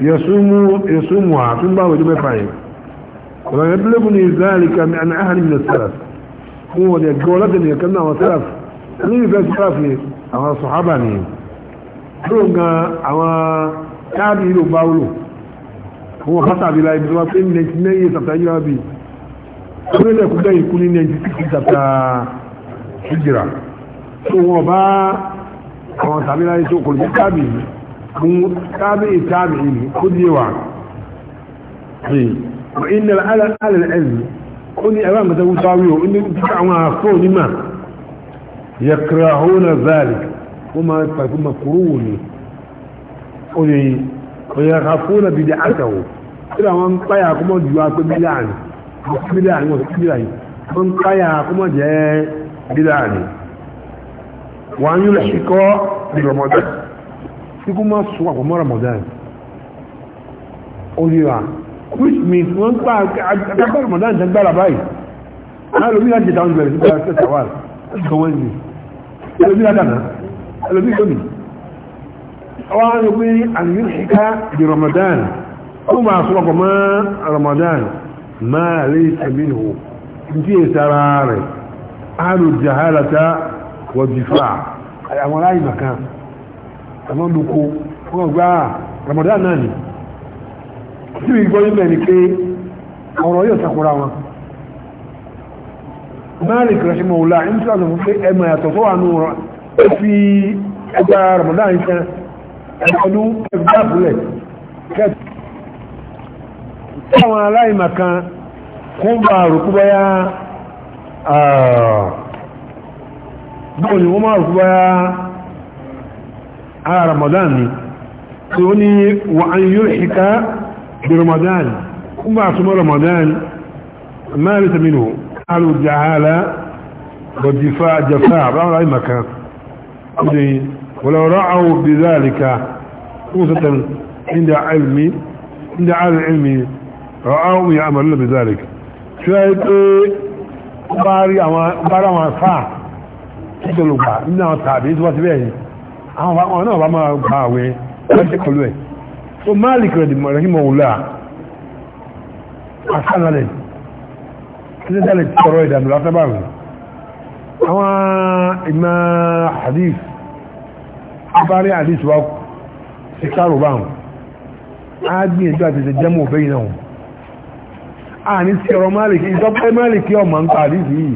yasumu ha tun ba wajen mẹ́fà yìí wọ́n yẹ bílẹ̀kù ní zalika mi an ahali min salaf kun wọ́n yẹ gọ́ọ́lá da nìkan náà wọ́n salaf ní ìfẹ́ salaf ni àwọn sọ̀hábà ni tó ga àwọn káàdì ìlú bá wúlò kun wọ́n kásà bí láì bí wọ́n pé ní 99 sàtà yíra bí kúrẹ́ lẹ́kù dẹ́yìn kú ní 96 sàtà hijira tó wọ́n bá àwọn tàbí láyé tó kò lè tábì yìí tábì tábì yìí kó di wà wà iná alẹ́ ẹ̀zì ó ní ẹ̀rọ àmọ́tẹ́kù sáwí o ní títà àwọn àfọ́ onímà yẹ kìrà òun náà záàlì ó máa pàtó ma kúrò wò ní ó yẹ ká fún àbí di àtàwò tí àwọn ń páyà kọ́mọ́ ju apẹ́ bílíà ní bílíà ní wọ́n bílíà yìí wọ́n ń وأن يلحق برمضان يقول ما الصواب رمضان Ramadan. which means wọ́n gbá agbára ramadan tẹ́ gbára báyìí alóbi láti dáwọn ìbẹ̀rẹ̀ sígbà tẹ́ta wà nǹkan wọ́n ní alóbi ládàná alóbi lónìí ọwọ́ àwọn pé àyíká ṣíká di ramadan ó máa sọ ramadan máa rí sẹ́mìnì hù ní tí èsì ara rẹ̀ alùjáhálàta wọ́n àwọn aláìmọ̀ kan àwọn olùkó wọ́n gbá Ramadan náà ni tí ìgbọ́ ilẹ̀ ni pé ọ̀rọ̀ yóò takura wọn Malik rahimahullah ń tí àwọn pé ẹmọ yàtọ̀ tó wà nù fi ẹgbà Ramadan iṣẹ́ ẹgbẹ̀lú ẹgbẹ̀lẹ̀ bọ́ọ̀ ni wọ́n máa rùkú bá ara ramadan ni tí ó ní wà án yóò hìká bí ramadan kún bá súnmọ́ ramadan máa rí tamino alù jahala bọ̀dífà jafa ráwọ̀ láì maka ọdún wọ̀lọ̀rọ̀ àwọ̀ bí záàlìka kún sọ́tàn inda almi inda almi ra'awun ya amalu bi títọ́lù gbà nínú àwọn tàbí tó wá sí bẹ́ẹ̀ àwọn àwọn náà bá máa gba àwẹ̀ lọ́jẹ́ pẹ̀lú ẹ̀ so Malik rẹ̀ dìmọ̀ rẹ̀ mọ̀wùlá àkànlẹ̀ títẹ́tẹ́lẹ̀ tọrọ ìdàmù látàbàrù àwọn ìmọ̀ hadith abárí hadith wa ti kárò bá wọn á gbìyànjú àti ṣe jẹ́mú òfin náà àní sí ọ̀rọ̀ Malik ìjọba Malik ọmọ ń pa hadith yìí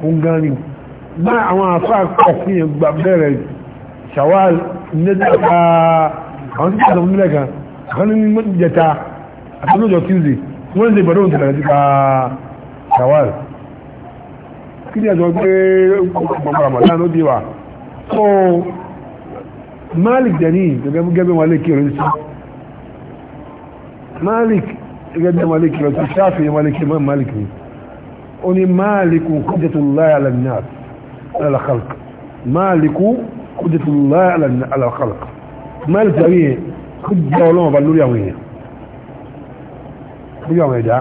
kungan ni bá àwọn àfáàkọ́ sí ẹgbà bẹ̀rẹ̀ ṣàwàl nígbàtà àwọn tí kàtàkùn nílẹ̀ kan kan ní jẹta àtàlójọ tuesday wọ́n lè bọ̀dọ̀ òǹtẹ̀lẹ̀ nípa ṣàwàl kí ni ẹ̀sọ́ pé ọmọràn ó di wà so malik dani gẹ́gẹ́ wọn lè kí orin sí malik gẹ́gẹ́ ṣáàfihàn wọn lè malik ni oni maliku hujjatullahi ala nas ala khalq maliku hujjatullahi ala ala khalq malik tawi hujja olon ba lórí àwọn èyàn lórí àwọn ẹ̀dá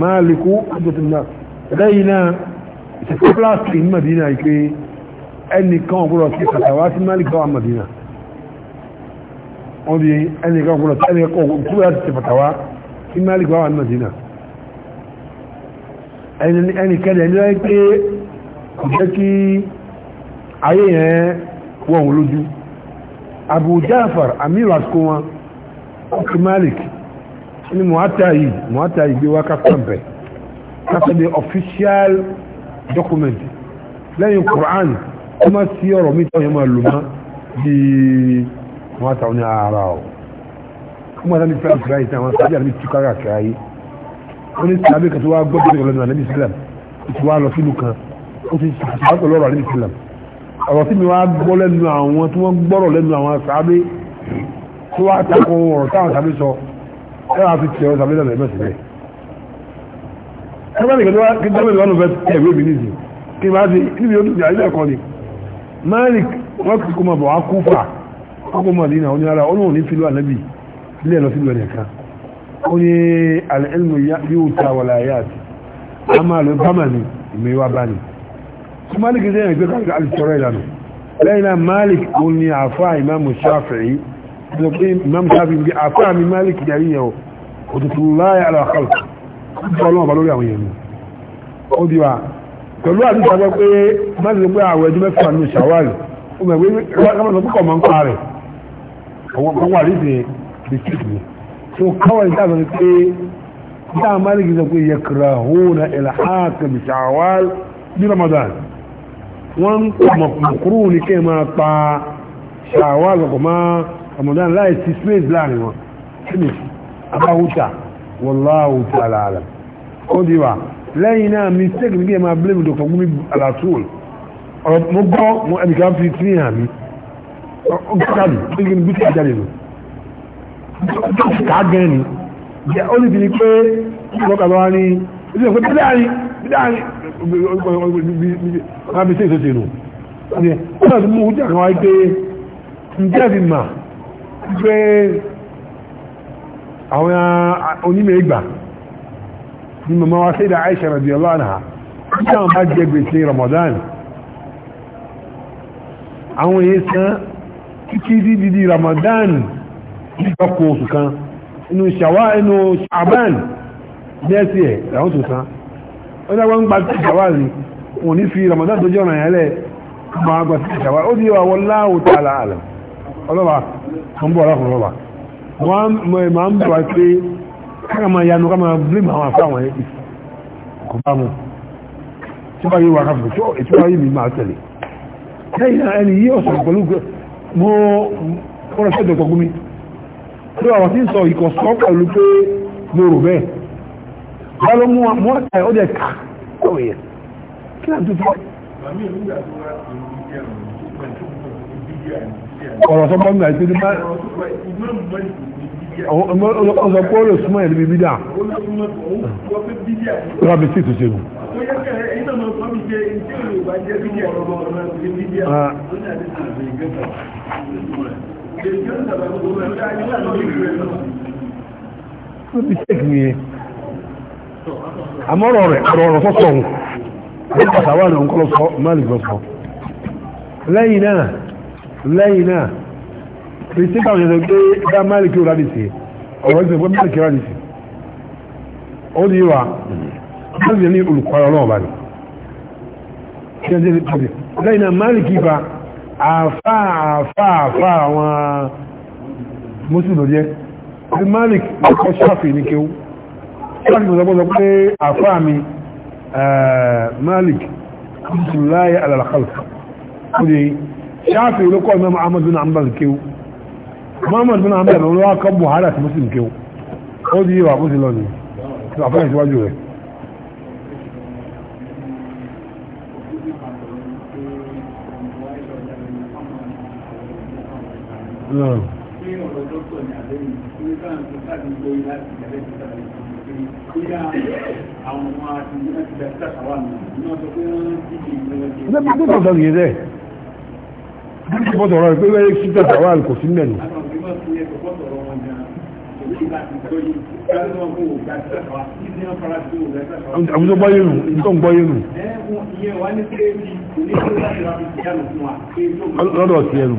maliku hujjatullahi reyna se place in madina ipe ẹni kan gboro ti fatawa ti malik ba madina on bi ẹni kan gboro ti ẹni kan gboro ti fatawa ti malik ba madina ẹnikẹ́lẹ̀ ní wáyé pé kò jẹ́ kí ayé yẹn wọ́n wọ́n lójú Abu Jafar amir asko wọn ọkì Malik ní mọ̀átà yìí mọ̀átà yìí gbé wá kápẹ́mpẹ́ kásẹ̀dẹ̀ official document lẹ́yìn Quran ó má sí ọ̀rọ̀ mi tó yẹ máa lò mọ́ bí mọ̀átà oní ara ọ̀ ó má dá ní wọ́n ní sàbẹ̀ kan tó wá gbọ́ bíi ìrọ̀lẹ́ nàní islam tó wá lọ sílùú kan ó ti sàbẹ̀ pẹ̀lú ọ̀rọ̀ àní islam ọ̀rọ̀ sí mi wá gbọ́ lẹ́nu àwọn tí wọ́n gbọ́rọ̀ lẹ́nu àwọn sàbẹ̀ tó wá takò ọ̀rọ̀ táwọn sàbẹ̀ sọ ẹ wá fi tiẹ̀ sàbẹ̀ lẹ́nu ẹ̀mẹ́sì rẹ̀. ẹgbẹ́ nìkan tó wá kí dábẹ́lì wọn fẹ́ tẹ̀ ìwé mi nìyí kí máa fi níbi ó dùn àìlẹ́ ẹ̀kọ́ ni malik wọ́n kì í kó máa bọ̀ wá kúfà ó kó máa dínà ó ní ara ó lóun ní fílù ànábì ilé ẹ̀ lọ sílùú ẹ̀ nìkan oye al'ilmu yíò ta wà láyàtì a máa lọ bá màá ní ìmẹ́wà bá ní tí malik zai yàn gbé kàrìkà alìsọ́rọ̀ ìlànà lẹ́yìnà malik o ní àfá imamu shafi'i lọ pé imam shafi'i bí àfá mi malik yàrí yẹ̀wò òtútù láyà alákàlù ọlọ́wọ́ bá lórí àwọn yẹ̀mú ó di wa pẹ̀lú àdúgbò sọ pé malik gbé àwọ̀ so kawai ta zama ce da maliki da ku yakrahuna ilhaq bi shawwal bi ramadan wọn makuru ni ke ma pa shawwal kuma ramadan la yi space láàrin wọn finish abahuta wallahu ta'ala alam ko di wa lẹ́yìn náà mistake nígbà máa blame dr gumi alatul ọ̀rọ̀ mo gbọ́ mo ẹnìkan fi tí ní àmì ọ̀gbọ́n kàbí nígbà bí tí a jáde lọ káàgẹ́ ni ó ní ti ní pé lọ́kàbá ní ilé ìpé bídáàrí bídáàrí ọgbọ̀n bí sí èso tèrò ní ọ̀nà tí mú ojú àkàwà pé ǹjẹ́ ti mà pé àwọn onímẹ̀ ìgbà ni mọ̀mọ́ wa Sayyida Aisha radiyallahu anha tí àwọn bá jẹ gbèsè Ramadan àwọn èyí sán títí dídí Ramadan ìjọpọ̀ oṣù kan inú ṣàwá inú ṣàbán jẹ́sí ẹ̀ làwọn tó san ó ní àwọn gba ṣàwá rí wọn ní fi Ramadan tó jẹ́ ọ̀nà ẹ̀lẹ́ máa gba ṣàwá ó di àwọn láwò tó àlà àlà ọlọ́ba wọn bọ̀ ọlọ́kùnrin ọlọ́ba wọn máa ń bọ̀ wá pé káàkà máa yanu ká máa blame àwọn afẹ́ àwọn ẹ̀kí kò bá mu tí wọ́n yí wà káfíńtì tí wọ́n yí mi máa tẹ̀lé lẹ́yìn ẹni yí ọ̀sán pẹ̀lú mo kọ́ra sí tí àwọn tí ń sọ ìkọ̀sọ́ pẹ̀lú pé mo rò bẹ́ẹ̀ wọ́n ló mú mú ọ̀tà ó dẹ̀ ká ọ̀wẹ̀ yẹn kí náà tuntun. ọ̀rọ̀ sọ pé ọ̀gbìn àti ìdíbà ọ̀sọ̀ pé ó lè súnmọ́ ẹ̀ níbi bídà. rábì Ah ó ti ṣèkì yẹn àmọ́rọ̀ rẹ̀ ọ̀rọ̀ sọ́sọ̀ òun wọ́n pàtàwà náà ń kọ́lọ́ sọ máàlì gbọ́sọ̀ lẹ́yìn náà lẹ́yìn náà kìrìsì bá wọn gbé bá máàlì kí ó rádìí sí ọ̀rọ̀ ìgbẹ́ gbé máàlì kí rádìí sí ó ní wa máàlì ní olùkọ́ ọlọ́ọ̀bá ni lẹ́yìn náà máàlì kí bá àfá àfá àfá àwọn mùsùlùmí jẹ́ ti malik ọkọ̀ ṣáfì ní kéwú ṣáfì mọ̀sọ̀gbọ́sọ̀ pé àfá mi malik mùsùlùmí alalakhalq ṣáfì olókọ́ imam ahmad bin ambal kéwú muhammad bin ambal olówá kan buhari àti mùsùlùmí kéwú ó di yíwa mùsùlùmí lọ́nà àfá ìṣíwájú rẹ̀ Bọ́tọ̀ ọ̀rọ̀ ìpínlẹ̀ Ṣíkà Tàwàl kò sí mẹ́nu. Àwọn ọmọ yìí nù, ìtọ́n gbọ́ yìí nù. Lọ́dọ̀ sí ẹnu.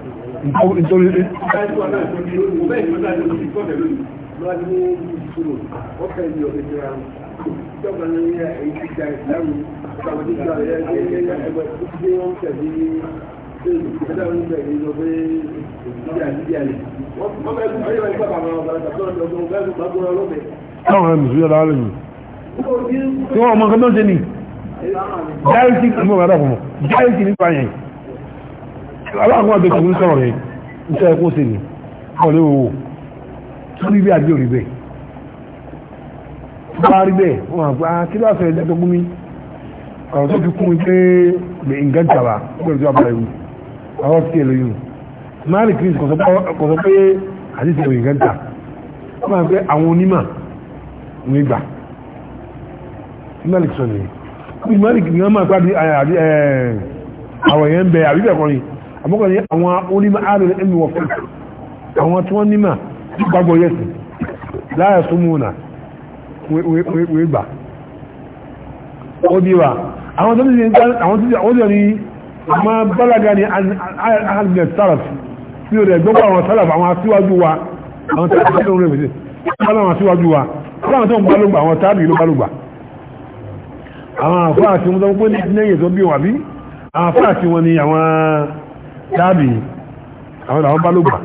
nítorí Àwọn ẹ̀mùsùn yọ́la alẹ́ yìí. Tí wọ́n ọmọ nǹkan tó ń ṣe ní, jáìsì, ọmọ ìrádà fún mọ̀, jáìsì nípa yẹn aláwọn abẹ́ tàbí sọ̀rọ̀ rẹ̀ iṣẹ́ ẹkún sí ni ọ̀lẹ́ owó tó rí bí àbí òrí bẹ́ẹ̀ tó bá rí bẹ́ẹ̀ wọ́n àgbà ah, kí ló àfẹ́ ẹ̀dẹ́ tó gún mi ọ̀rọ̀ tó fi kún mi pé lè nǹkan jàbá pẹ̀lú tó abúlé wù ọ̀rọ̀ sí ẹ̀lẹ́ yìí mari chris kò sọ pé àdìsí ẹ̀wọ̀n nǹkan jà wọ́n àgbẹ̀ àwọn onímọ̀ ń gbà mari sọ nìyẹn mari kì í wọ́n máa pàdé àwọn bẹ àbíbẹ̀kọrin àmọ́kànlẹ̀ àwọn onímọ̀ ààrùn ẹ̀mí wọ̀ fún àwọn tí wọ́n nímọ̀ gbàgbọ́ yẹ̀sì láyà tó múnà wé gbà ó bí wa àwọn tó ní àwọn tó ní ní àmá bálaga ni ahàlùmẹ̀ sáraf tí ó rẹ̀ gbọ́gbọ́ àwọn sáraf àwọn aṣíwájú wa àwọn tó ní ọ̀rẹ́ mẹ́sẹ̀ àwọn aṣíwájú wa láwọn tó ń balùgbà àwọn tábì ló balùgbà àwọn àfáà tí wọ́n tó ń pè ní ẹ̀yẹ̀ tó bí wà bí àwọn àfáà tí wọ́n ni àwọn dáàbì àwọn àwọn balógbà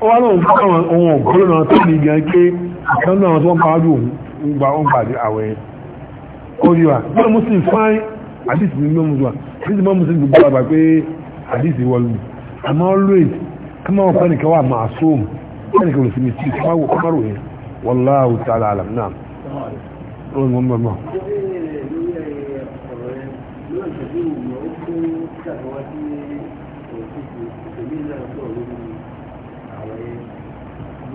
ó wá lóun fún àwọn ohun ògbóló náà tó ní gan pé ìkan náà tó ń pa ájú òun gba ó ń gbàdé àwẹ̀ ó rí wa nínú muslim fáin àdìsí ní mọ́ muslim àdìsí mọ́ muslim gbogbo àgbà pé àdìsí wọlú àmọ́ always ká máa wà máa sóòmù pẹ́ nìkan sí mi tí kọ́mọ́rò àtàwọn wá sí òṣìṣẹ́ òṣèlú náà sọ̀rọ̀ lórí tó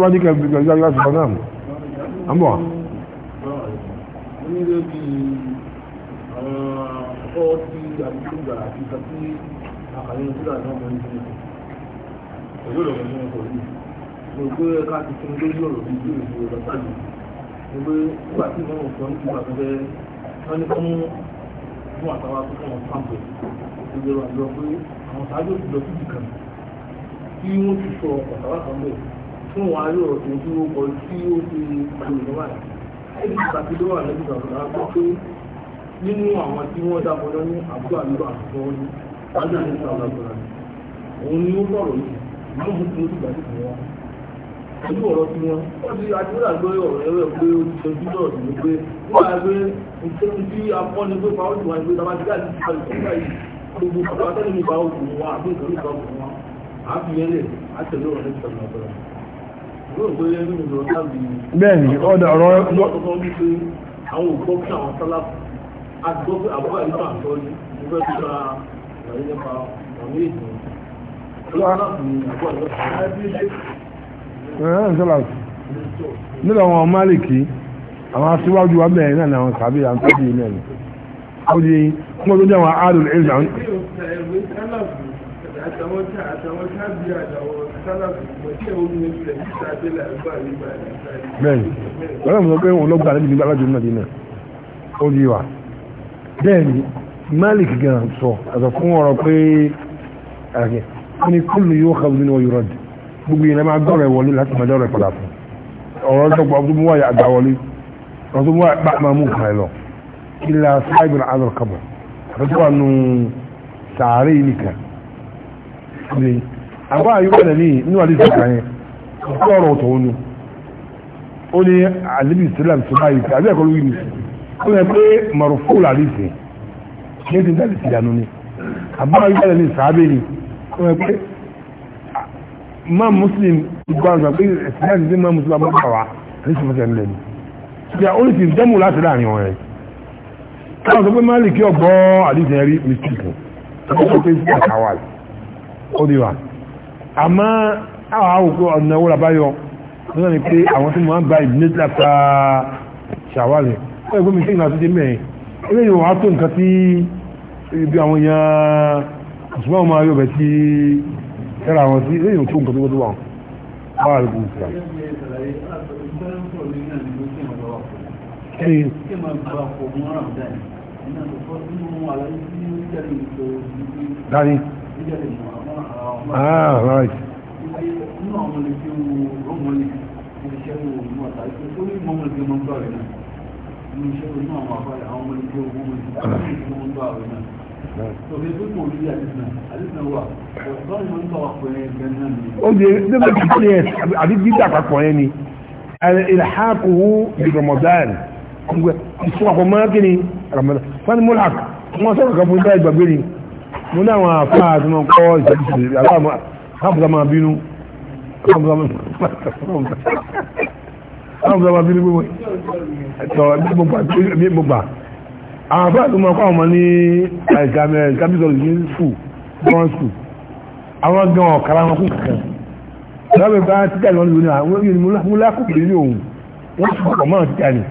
wá ní kẹ̀kẹ́ ìjọba kọ́ sí àdúgbò àti ìgbà àkàlẹ́ ìgbà náà mọ̀ ní ìgbà pẹ̀lú ọ̀rọ̀ mọ̀ ọ̀rọ̀ yìí mo gbé ẹ̀ka ti fún lórí ọ̀rọ̀ yìí ìlú ọ̀rọ̀ sáàlì mo gbé ìgbà tí mo mọ̀ sọ́n nípa tó fẹ́ wọ́n ní kọ́ mú fún àtàwọn akókò wọn pàǹpẹ̀ gbogbo lọ pé àwọn sáájú ti lọ síbi kan tí wọ́n ti sọ ọ̀tàwá kan bẹ̀ fún wọn ayé ọ̀rọ̀ tó ń dúró kọ tí ó ti pàlè lọ́wọ́ àyè nínú àwọn tí wọ́n dábọ̀dọ́ ní àbúrò àlúrò àtúntò wọn ní ọjọ́ ní sàlá gbọ́dọ̀ òun ni ó sọ̀rọ̀ yìí máa mú kí ó sì gbàdúrà fún wọn. pẹ̀lú ọ̀rọ̀ tí wọ́n wọ́n ti àdúrà gbé ọ̀rọ̀ ẹ̀rọ pé ó ti ṣojú lọ́ọ̀dù ni pé wọ́n á gbé ìṣẹ́ni tí akọ́ni pé pa oṣù wọn ìgbé tabatíkà ti pa ìṣẹ́ni gbogbo bàbá tẹ́lẹ̀ nípa oṣù wọn àbí nǹkan nípa oṣù wọn àbí yẹn lè àtẹ̀lé ọ̀rọ̀ ní sọ̀rọ̀ lọ́dọ̀ bẹ́ẹ̀ni ọ̀dọ̀ ọ̀rọ̀ àwọn òkú kí àwọn sálábù agbófi àbúrò àyíká àkọọ́lù ìgbẹ́ tó ra ìwàlẹ́ nípa ọ̀nà èdè nílò àwọn ọmọlìkì àwọn aṣíwájú wa bẹ̀rẹ̀ náà àwọn sàbí àwọn sàbí ilẹ̀ ni ó di kún ọdún jẹ́ àwọn àádùn ìrìn àwọn bẹ́ẹ̀ ọlọ́mọdé pé òun lọ́gbà níbi nígbà alájọ́ náà dínà ó di wà bẹ́ẹ̀ni malik gan sọ àgbà fún ọ̀rọ̀ pé àgbẹ̀ ó ní kúlù yóò kà nínú ọyọ rọ̀dì gbogbo yìí máa gbọ́rọ̀ ẹ̀ wọlé láti mọ̀jọ́ rẹ̀ padà fún ọ̀rọ̀ tó gbọ́ tó mú wáyà àgbà wọlé ọ̀rọ̀ tó mú wáyà bá máa mú nǹkan ẹ̀ lọ ilà sáìbìrì azọr kama àti wà nù sàárè nìkan àbá àyùkọ̀ nà ní inú àdìsí kan yẹn ó ọ̀rọ̀ tó ó ní àdìbì sílẹ̀ tó báyìí àbí ó yẹ pé mọ̀rùfú làdìsì ní ti dàdìsì dànù ni àbúrò ìgbàlẹ̀ ní sàábé ni ó yẹ pé máa muslim ìgbàlẹ̀ pé ìsìláàdì sí máa muslim àbúkàwà ní sọfẹ́sẹ̀ ńlẹ̀ ni ìyá ó sì dẹ́mù láti láàrin wọn rẹ̀ káwọn sọ pé máàlì kí ọgbọ́ àdìsì rí mistake ó sọ pé sí àkàwà ó di wa àmọ́ àwọn àwòkọ́ ọ̀nà wọ́n làbáyọ wọ́n ni pé àwọn tí wọ́n bá ìdílé tí ṣàwálẹ̀ ẹgbẹ́ mi sẹ́yìn àti jẹ́mẹ́ ilé yìí wà tó nǹkan tí ibi eh, àwọn èèyàn àṣùgbọ́n ọmọ ayọ́bẹ̀ tí ẹra wọn sí ilé yìí tó nǹkan tó gbọ́dọ̀ wà wọ́n wà lóko ìsìlá. Dani. Ah, right. Nínú àwọn ọmọ ilé tí ó rọ́mọ́lé, ìṣẹ́ ìwòrán àtàrí, ó ní ìmọ̀ ọmọ ilé tí ó máa ń bá oye nígbà ah. tí kò yẹn àbí dídà papọ̀ yẹn ni ìlàhàkùhù bí Ramadan ìsúnwàpọ̀ máa kí ni Ramadan fani mulak wọn sọ̀rọ̀ kan fún báyìí gbàgbé ni mo ní àwọn afá àti wọn kọ́ ìṣẹ́jú ìṣẹ́jú àbúrò máa bínú àwọn ọmọ bí gbogbo ẹ̀tọ́ bí mo gbà àwọn àbá àti ọmọ ọmọ ní capital union school bond school àwọn gan ọ̀kara wọn kún kankan lábẹ́ bá títà lọ́nà lónìí àwọn yìí mú lákùnkùn ní òun wọ́n ti kọ̀ mọ́ títà ni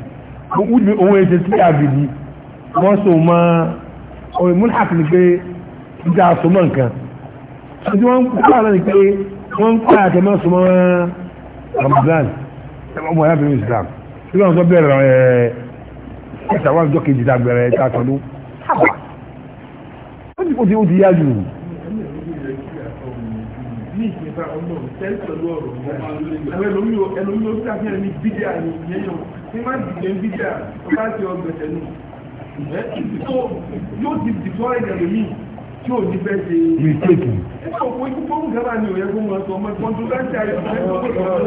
owó ẹ̀ṣẹ̀ tí a bìí wọ́n so mọ́ ọ̀rẹ́ múlhàkì ni pé títà so mọ́ nǹkan tí wọ́n ń kọ́ àlọ́ ni pé wọ́n ń kọ́ àtẹ̀mọ́ so mọ́ Ramadan ọmọ ẹ̀yà bẹ̀rẹ̀ islam tí wọ́n sọ bẹ̀rẹ̀ ẹ̀ ẹ̀sà wọn jọ kejì dàgbẹ̀rẹ̀ ẹ̀ta tọdún sábà ó ti ó ti yá jù. yóò ti dìtọ́ ẹ̀dẹ̀ lómi tí ò ní fẹ́ ṣe. mistake. ẹ sọ pé kókó ń gbára ni òye kó wọn sọ ọmọ ìpọ́njú láti àyè ọ̀sẹ̀ tó kọ̀ ọ́.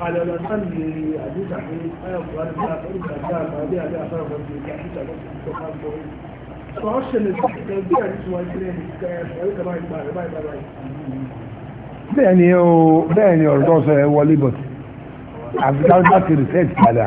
على الأقل أدوس عليه أنا وقال لا أريد أن أتابع هذه هذه أثار ربي كحيث أقول فعشان التوزيع اسمه الكلام bẹ́ẹ̀ ni o bẹ́ẹ̀ ni ọ̀rọ̀ tó sọ ẹ wọlé bọ̀tì àfikà láti rìsẹ́ẹ̀tì padà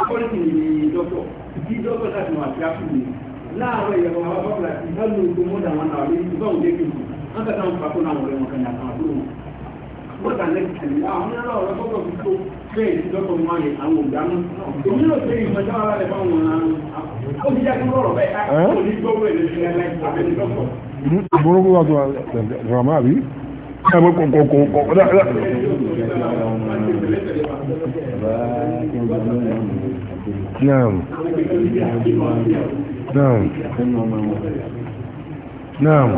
akọ́lẹ́sì ni dọ́tọ̀ bí dọ́tọ̀ láti wà sí ápù ni láàárọ̀ ìyẹ̀wò àwọn bọ́ọ̀lá ti bá lóun tó mọ́dà wọn náà lórí ìgbà òun lékè mọ́ wọn kàtà wọn pàkó náà wọlé wọn kànyà kan àbúrò wọn. bọ́ọ̀lá lẹ́sìn àwọn náà ọ̀rọ̀ bọ́ọ̀lá fi tó bẹ́ẹ̀ sí dọ́tọ̀ wọn yẹn àwọn ògbàmú. èmi náà ṣe ìmọ̀já ara rẹ̀ bá wọn ó ti jákè lọ́rọ̀ bẹ́ẹ̀ ẹgbẹ́ kòkòkò naam naam naam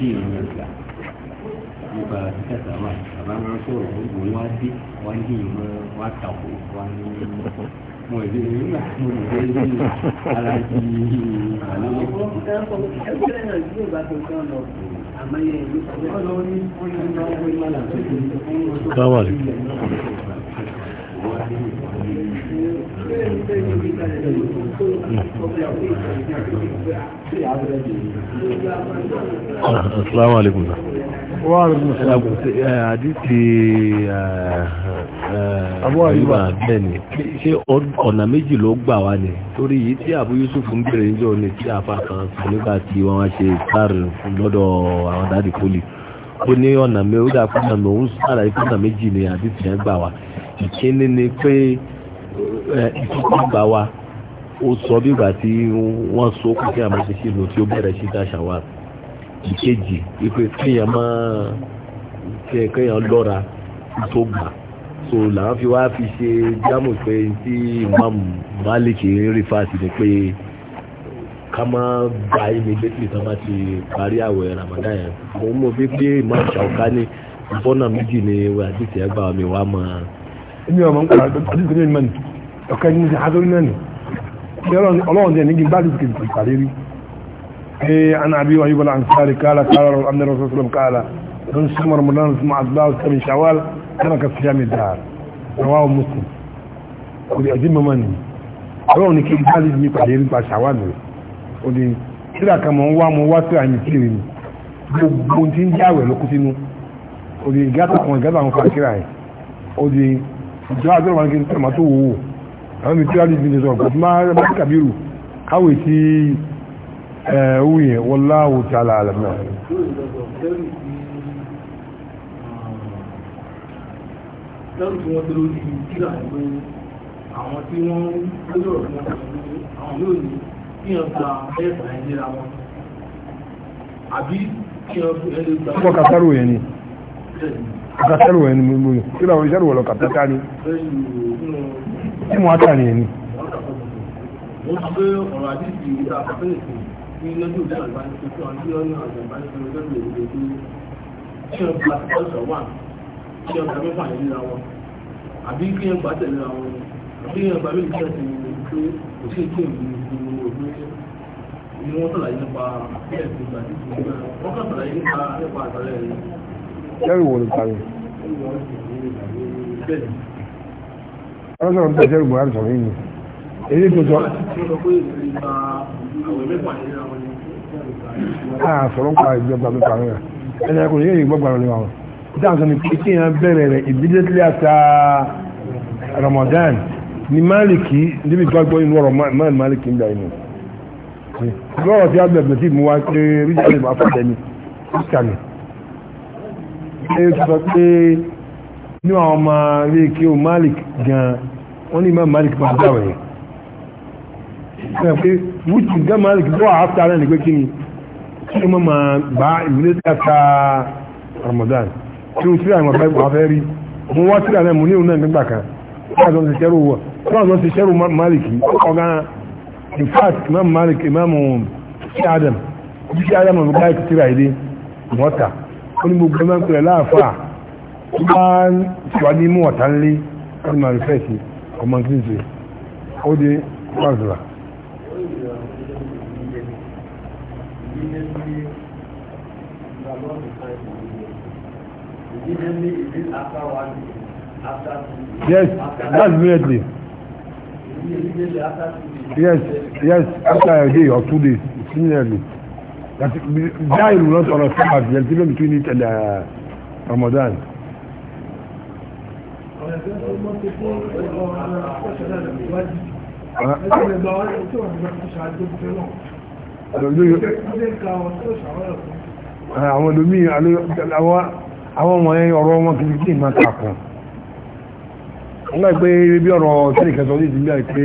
hmm. nípa wangima watakufa mwezima mwezezi alaji Kawali. Assalamu alaikum. Wa alaikum assalam. Àdìsí àbúrò àyíká bẹ́ẹ̀ ni. Ṣé ọ̀nà méjì ló gbà Abu Yusuf ń bèrè níjọ́ ni tí kan sọ nígbà tí wọ́n wá ṣe ìtàrí poli. Ó ní ọ̀nà méjì ó dà fún na òun sára ìfúnà méjì ni ìkíní ni pé ìfipágbà wa ó sọ bígbà tí wọ́n so kó kí a máa ṣe ṣìlò tí ó bẹ̀rẹ̀ sí dáṣà wa ìkejì wípé kéèyàn máa kéèyàn lọ́ra tó gbà so làwọn fi wá fi ṣe jámù pé tí Imam Malik rí fásitì ni pé ká má gba immediately tán bá ti parí àwẹ̀ Ramadan yẹn mo mọ̀ bí pé Imam Shaukani bọ́nà méjì ni àdìsí ẹgbàá mi wá máa èmi ọmọ ń kọ́ra àdìsí kejì mẹ́ni ọ̀kẹ́ ní ti hàdúrí náà ni ọlọ́run jẹ́ nígbà àdìsí kejì kò parí rí ee ana abi wa yubala ansari kala kala amna rasul sallam kala don samar mudan suma asbab sabin shawal kana ka siya mi dar rawahu muslim ko di ajin mamani ọlọ́run ni kí ìdájí mi parí rí pa shawal rẹ̀ ó di síra kan mọ̀ ń wá mọ̀ wá sí àmì kiri ni gbogbo ti ń jáwẹ̀ lókùtínú ó di ìgátà kan ìgátà kan fàkírà ẹ̀ ó di ìjọ agbẹ́rẹ̀ wọn kí n tẹ̀mọ́ tó wò ó àwọn mi tíra níbi ìjọsọ kò máa rẹ̀ bá kàbírù káwé sí ẹ̀ẹ́wù yẹn wallahu ta'ala alam náà. lẹ́rù tí wọ́n tó lórí kíra ìwé àwọn tí wọ́n lórí ọ̀rọ̀ fún àwọn yóò ní kí wọ́n gba ẹ̀fà ìlera wọn àbí kí wọ́n fi ẹ̀lẹ́gbà. wọ́n akasẹ́rù ẹni mímú yìí tí làwọn iṣẹ́ ìwọ̀lọ̀ kàtàkà ni tí wọ́n á tà ní ẹni. àbí kí ẹ gbà tẹ̀lé àwọn àbí ẹ gbà méjì tẹ̀lé pé kò sí èké ìlú ìlú òfin ni wọ́n sọ̀rọ̀ yìí nípa ẹ̀sìn ìgbà tí kò sí wọ́n kàn sọ̀rọ̀ yìí nípa nípa àtàlẹ́ yìí sẹ́rù wò ló parí. ọlọ́sọ̀rọ̀ ń bẹ sẹ́rù buhari sọ̀rọ̀ yìí èyí tó sọ. a sọ̀rọ̀ ń pa ìjọba mi parí rẹ̀ ẹni ẹ̀kọ́ yóò yí gbọ́gbà lórí wọn. ìdáhùn sọ ni kí n bẹ̀rẹ̀ rẹ̀ immediately after Ramadan ni Maliki níbi gbàgbọ́ inú ọ̀rọ̀ máàlì Maliki ń bẹ̀ inú lọ́rọ̀ tí a bẹ̀rẹ̀ sí mú wa pé ríjà lè máa fọ́ tẹ́ni kíkà ẹ̀yọ́ ti sọ pé ní àwọn ọmọ ilé kí o Malik gan wọ́n ní ìmọ̀ Malik máa dáwẹ̀ ẹ̀ pé wùtù gan Malik bọ́ àáfíà rẹ̀ ní pé kí ni kí ni wọ́n máa bá ìmúlé tàkà Ramadan kí o sílẹ̀ àwọn ọ̀fẹ́ wà fẹ́ rí mo wá sílẹ̀ náà mo ní òun náà nígbà kan wọ́n ti ṣẹ́rù wọ̀ wọ́n ti ṣẹ́rù Malik ọ̀gá in fact imam Malik imam ṣe Adam ṣe Adam ọ̀gá ìkùtìrà ìdí mọ́ta ní gbogbo ẹgbẹ́ pẹ̀lẹ̀ láàfà tó bá ń tìwá ní mú ọ̀tá ńlé wọ́n máa rìfẹ́ sí ọmọ tí ń ṣe ó di pàṣẹlá. Yes, that's immediately. Yes, yes, after a day or two days, immediately. دائر ونص على الصحة يلتزم بتوني إلى رمضان àwọn olómi àwọn ọmọ ẹ̀yìn ọ̀rọ̀ wọn kìí kí ìmá kàkùn. wọ́n gbá pé bí ọ̀rọ̀ ní ìdílé àìpé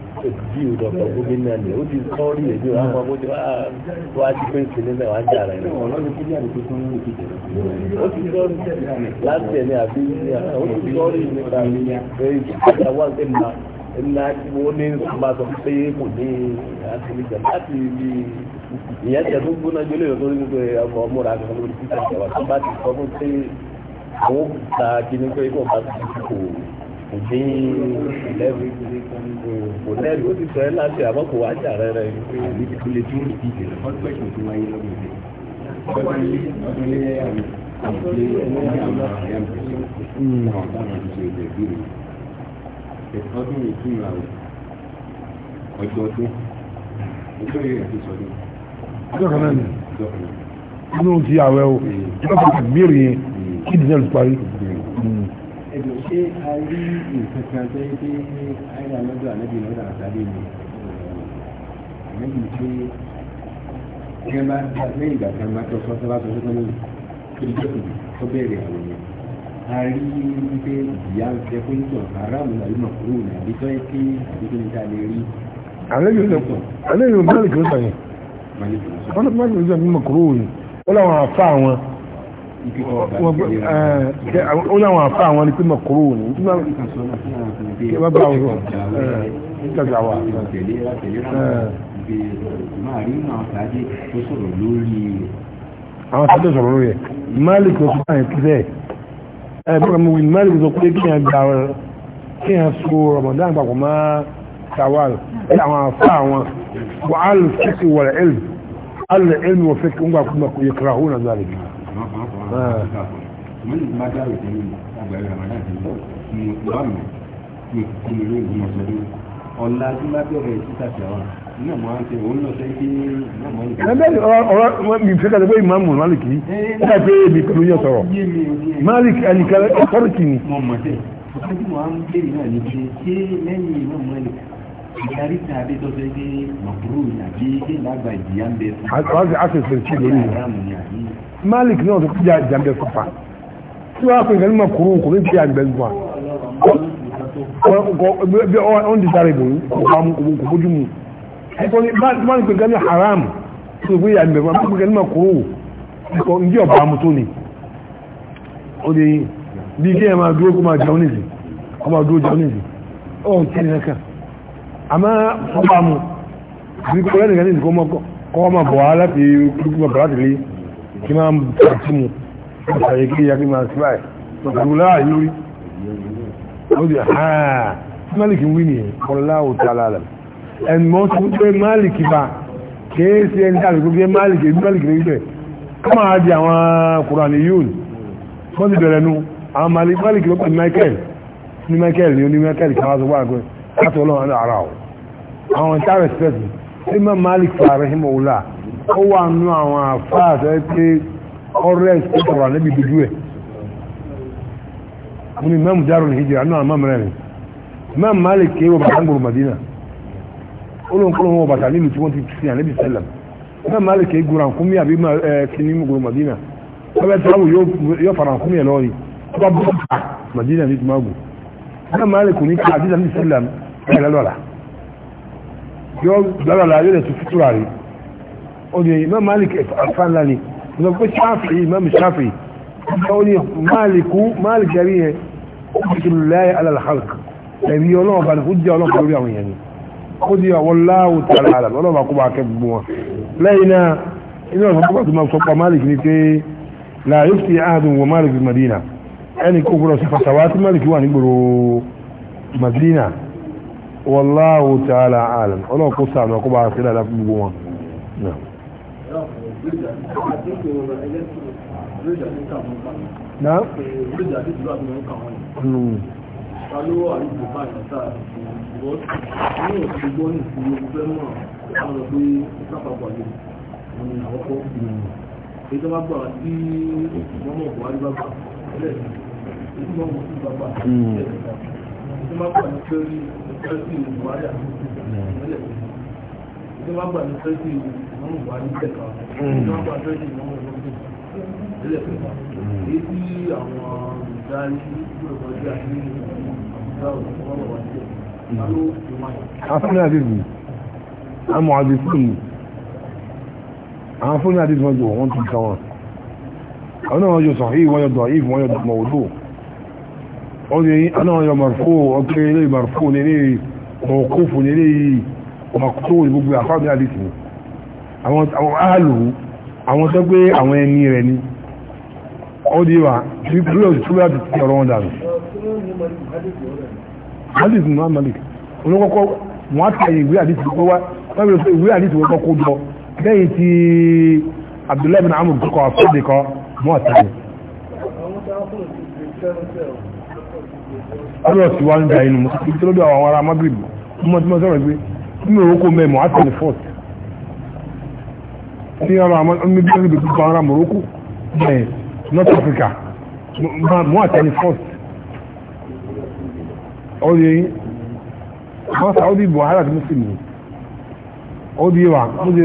bí o dọ̀tọ̀ gbogbo ní ó ti kọ́ rí èdè wọn àwọn wá ti pé ìsinmi náà wá ń jà ó ti kọ́ rí láti ẹ̀mí àbí ó ti kọ́ rí nípa pé ìjọba wà ń tẹ̀lé ńlá tí wọ́n ní ìsọ̀bàtọ̀ pé kò ní àtìlẹ́jẹ̀ láti ibi ìyẹn tẹ̀ tó gbóná jólè yóò tó rí gbogbo ọmọ ọmọra kan lórí títà ìjọba tó bá ti sọ fún pé àwọn òkúta kí ní bá ti kò òbí ìlẹ́rìí kò lẹ́rìí ó ti sọ ẹ́ láti àmọ́ kò wá jà rẹ̀ rẹ̀. àbí kò lè tún ìdí ìdílé wọn pẹ̀ kò tún wáyé lọ́wọ́ ìdílé. ọgbọ́n ilé ọdún ilé àmì àmì ilé àmì àyà ń pèsè àwọn bá wọn ṣe ilẹ̀ ìbílẹ̀. ọdún yìí tún ra ọjọ́ ọdún ọjọ́ yìí rẹ̀ ti sọdún. ọjọ́ kan náà ni inú ti àwẹ̀ o hmm. ọjọ́ kan mìíràn yẹn hmm. kí ìdílé ló parí. Hmm ẹ̀dùn ṣé a rí nǹkan kan tó yẹ pé àìrà lọ́dọ̀ ànábì lọ́dọ̀ àtàlẹ́ mi ànábì pé kí wọ́n bá lẹ́yìn ìgbà kan bá tọ́sọ́ tó bá tọ́sọ́ tó lóyún tó tó bẹ̀rẹ̀ àwọn yẹn a rí wípé ìyá ń fẹ́ pé nítorí aráàlú àbí màkúrò àbí tó yẹ pé àbí tó ní ká lè rí. àlejò àlejò máàlì kìlọ́sàn yẹn wọ́n ní máàlì kìlọ́sàn yẹn màkúrò yìí wọ́n láwọn àfa àwọn ó ní àwọn àfa àwọn ni pé mọ̀kúrò ní kí wọ́n bá wọn nígbàgbà wà. àwọn sáájú sọ̀rọ̀ lórí ẹ̀ Malik ló fún àyẹ̀kí bẹ́ẹ̀ ẹ̀ bọ́lá mo wí Malik sọ pé kí n gba kí n so Ramadan papọ̀ mọ́ tawal ẹ̀ àwọn àfa àwọn wàhálù fífi wọ̀lẹ̀ ẹ̀lù alẹ̀ ẹ̀lù wọ̀fẹ́ kí n gbà kúmọ̀ yẹ kúrò àwọn ọ̀nà zàlẹ̀ bíi mo ní ìgbà dáwò ìdí mi àgbàdo ramadan ti mi mo wà mí mi kú mi lóyún mo sọ lóyún ọ̀la tí má bẹ̀rẹ̀ títà sí náà mo kí ní. ẹ bẹ́ẹ̀ ọ̀rọ̀ mi fẹ́ kàdé pé ìmáàmù malik yìí tẹ́ ọ̀tọ́jú mo á ń ní pé ṣé lẹ́yìn ìmáàmù malik ìdarí tí a ń bẹ fún. a ṣe ṣe ṣe lórí rẹ̀ malik náà tó kí jàǹdẹ̀ sọ́fà tí wọ́n á pè ìgbẹ̀lú mọ̀kúrú kò ní kí àgbẹ̀lú wa bí ọ́n di sáré bò kò bá mú kò bójú mu ẹ̀kọ́ ní malik pè ìgbẹ̀lú haram tó kí àgbẹ̀lú wa pè ìgbẹ̀lú mọ̀kúrú ẹ̀kọ́ ní ọ̀bá mu tó ni ó di bí kí ẹ máa dúró kó máa jẹun nìyí kó máa dúró jẹun nìyí ó ń tẹ́lẹ̀ kan àmọ́ ọba mu àbíkọ́ ẹnìkan nìyí kó máa bọ̀ wá láti kúrúkú kí máa ń tàbí mu ọ̀sàyè kí ìyá kí máa sí báyìí lórí ó máàlìkì wí nìyẹn ọ̀lá òtí alára ẹni mọ́ tó pé máàlìkì bá kìí ẹni tàbí gbogbo máàlìkì ẹni máàlìkì ní ibẹ̀ kó máa di àwọn kùránì yóò ní wọ́n ó wà nú àwọn àfáà tẹ́ pé ọ̀rẹ́ ìsọ́tọ̀rọ̀ níbi dúdú ẹ̀ mo ní mẹ́mù járò ní hijira náà mọ́ mẹ́rin mẹ́mù má lè ké wọ bàtà ń Madina ó lóun kó lóun wọ bàtà nílùú tí wọ́n ti fi hàn níbi sẹ́lẹ̀ mẹ́mù má lè ké gbòrò àǹkúmí àbí kíní gbòrò Madina ọbẹ̀ tí wọ́n yóò fara àǹkúmí ẹ̀ lọ́ọ̀rì tó bá bọ́ Madina ní tumagu mẹ́mù má lè kò ní ká àdídà níbi sẹ́lẹ̀ ẹ̀ lọ́la yóò lọ́la yóò lè oye imam malik afanla ni lọ pé ṣáfì imam ṣáfì ọ ni maliku malik jari yẹn ṣùlẹ̀ alalhalk ẹ̀rí ọlọ́wọ́ bá ní kó jẹ́ ọlọ́wọ́ lórí àwọn èèyàn ni ó di àwọn láwù tààrà àlà lọ́wọ́ bá kó bá kẹ́ gbogbo wọn lẹ́yìn náà inú ọ̀sán pọ́pọ́ tó máa sọ pa malik ni pé la yufti ahadun wa malik madina ẹni kó gbọdọ̀ sí fasawa wallahu ta'ala alam ọlọ́wọ́ kó sàánú bá kẹ́ dáadáa fún gbogbo wọn náà Náà. Èyí tó bá gbà tí mọ́mọ́ Buhari bá gbà lẹ́yìn, èyí tó mọ́mọ́ sí bàbá lẹ́yìn, èyí tó bá gbà ní pé rí ẹgbẹ́ sí Buhari àti ìpínlẹ̀, èyí tó bá gbà ní pé sí afúnni àdìsí àmọ́ àdìsí ni àwọn afúnni àdìsí wọ́n jọ wọ́n tún ká wọn àwọn náà wọ́n jọ sahih wọ́n jọ da'if wọ́n jọ mawdu ọdún yìí àwọn náà jọ marfu ọkẹ́ ilé marfu ní ilé mawquf ní ilé maktu gbogbo afúnni àdìsí àwọn ààlù àwọn tó pé àwọn ẹni rẹ̀ ni ó dí wà bí bílọ̀ tó bá ti ọ̀rọ̀ wọn dànù hadith ní malik olókọ́kọ́ wọ́n á tàyè ìwé hadith tó wá tàbí ìwé hadith wọ́n kọ́kọ́ jọ lẹ́yìn tí abdullahi bin amur kọ́kọ́ àfẹ́dẹ̀ kọ́ mọ́ àtàyè ọlọ́ sí wá ń da inú mọ́ sí lọ́dọ̀ àwọn ará magrib mọ́ tí mọ́ sọ́rọ̀ gbé nínú òrókò mẹ́mọ́ àtàyè fọ́ọ̀tì ní ọ̀rọ̀ àwọn oníbíọ́sì bí pípa ara Morocco ẹ̀ North Africa mú àtẹni first ọdí àwọn Saudi Buhari àti Muslim ọdí wa ọdí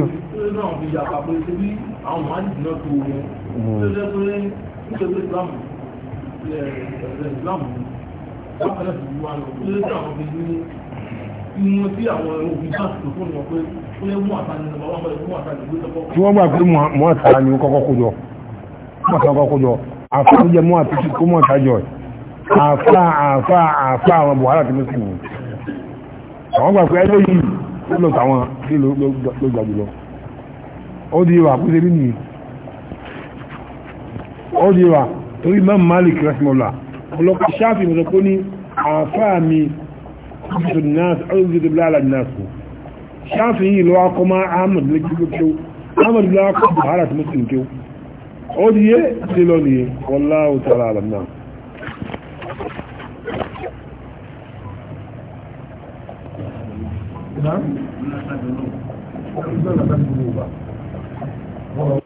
Ìwọ̀n tí àwọn òfin sáàtì tó fún ìwọ̀n pé tí wọ́n gbà pé mọ́ta ni ó kọ́kọ́ kójọ mọ́ta kọ́kọ́ kójọ àfá ló jẹ mọ́ àtúntì kó mọ́ta jọ àfá àfá àfá àwọn buhari àti mùsùlùmí àwọn gbà pé ẹgbẹ́ yìí ó lọ tàwọn sí ló gbà jùlọ ó di wà kó sẹ́bí nìyí ó di wà torí mọ́ malik rasmola ọlọ́pàá sáfì mọ́ta kó ní àfá mi ó ti sọ ní náà ó ti sọ ní náà shafi'i ló wá kọ́ mọ́ ahmed lójú ló kéwú ahmed ló wá kọ́ buhari àti muslim kéwú wallahu ta'ala alam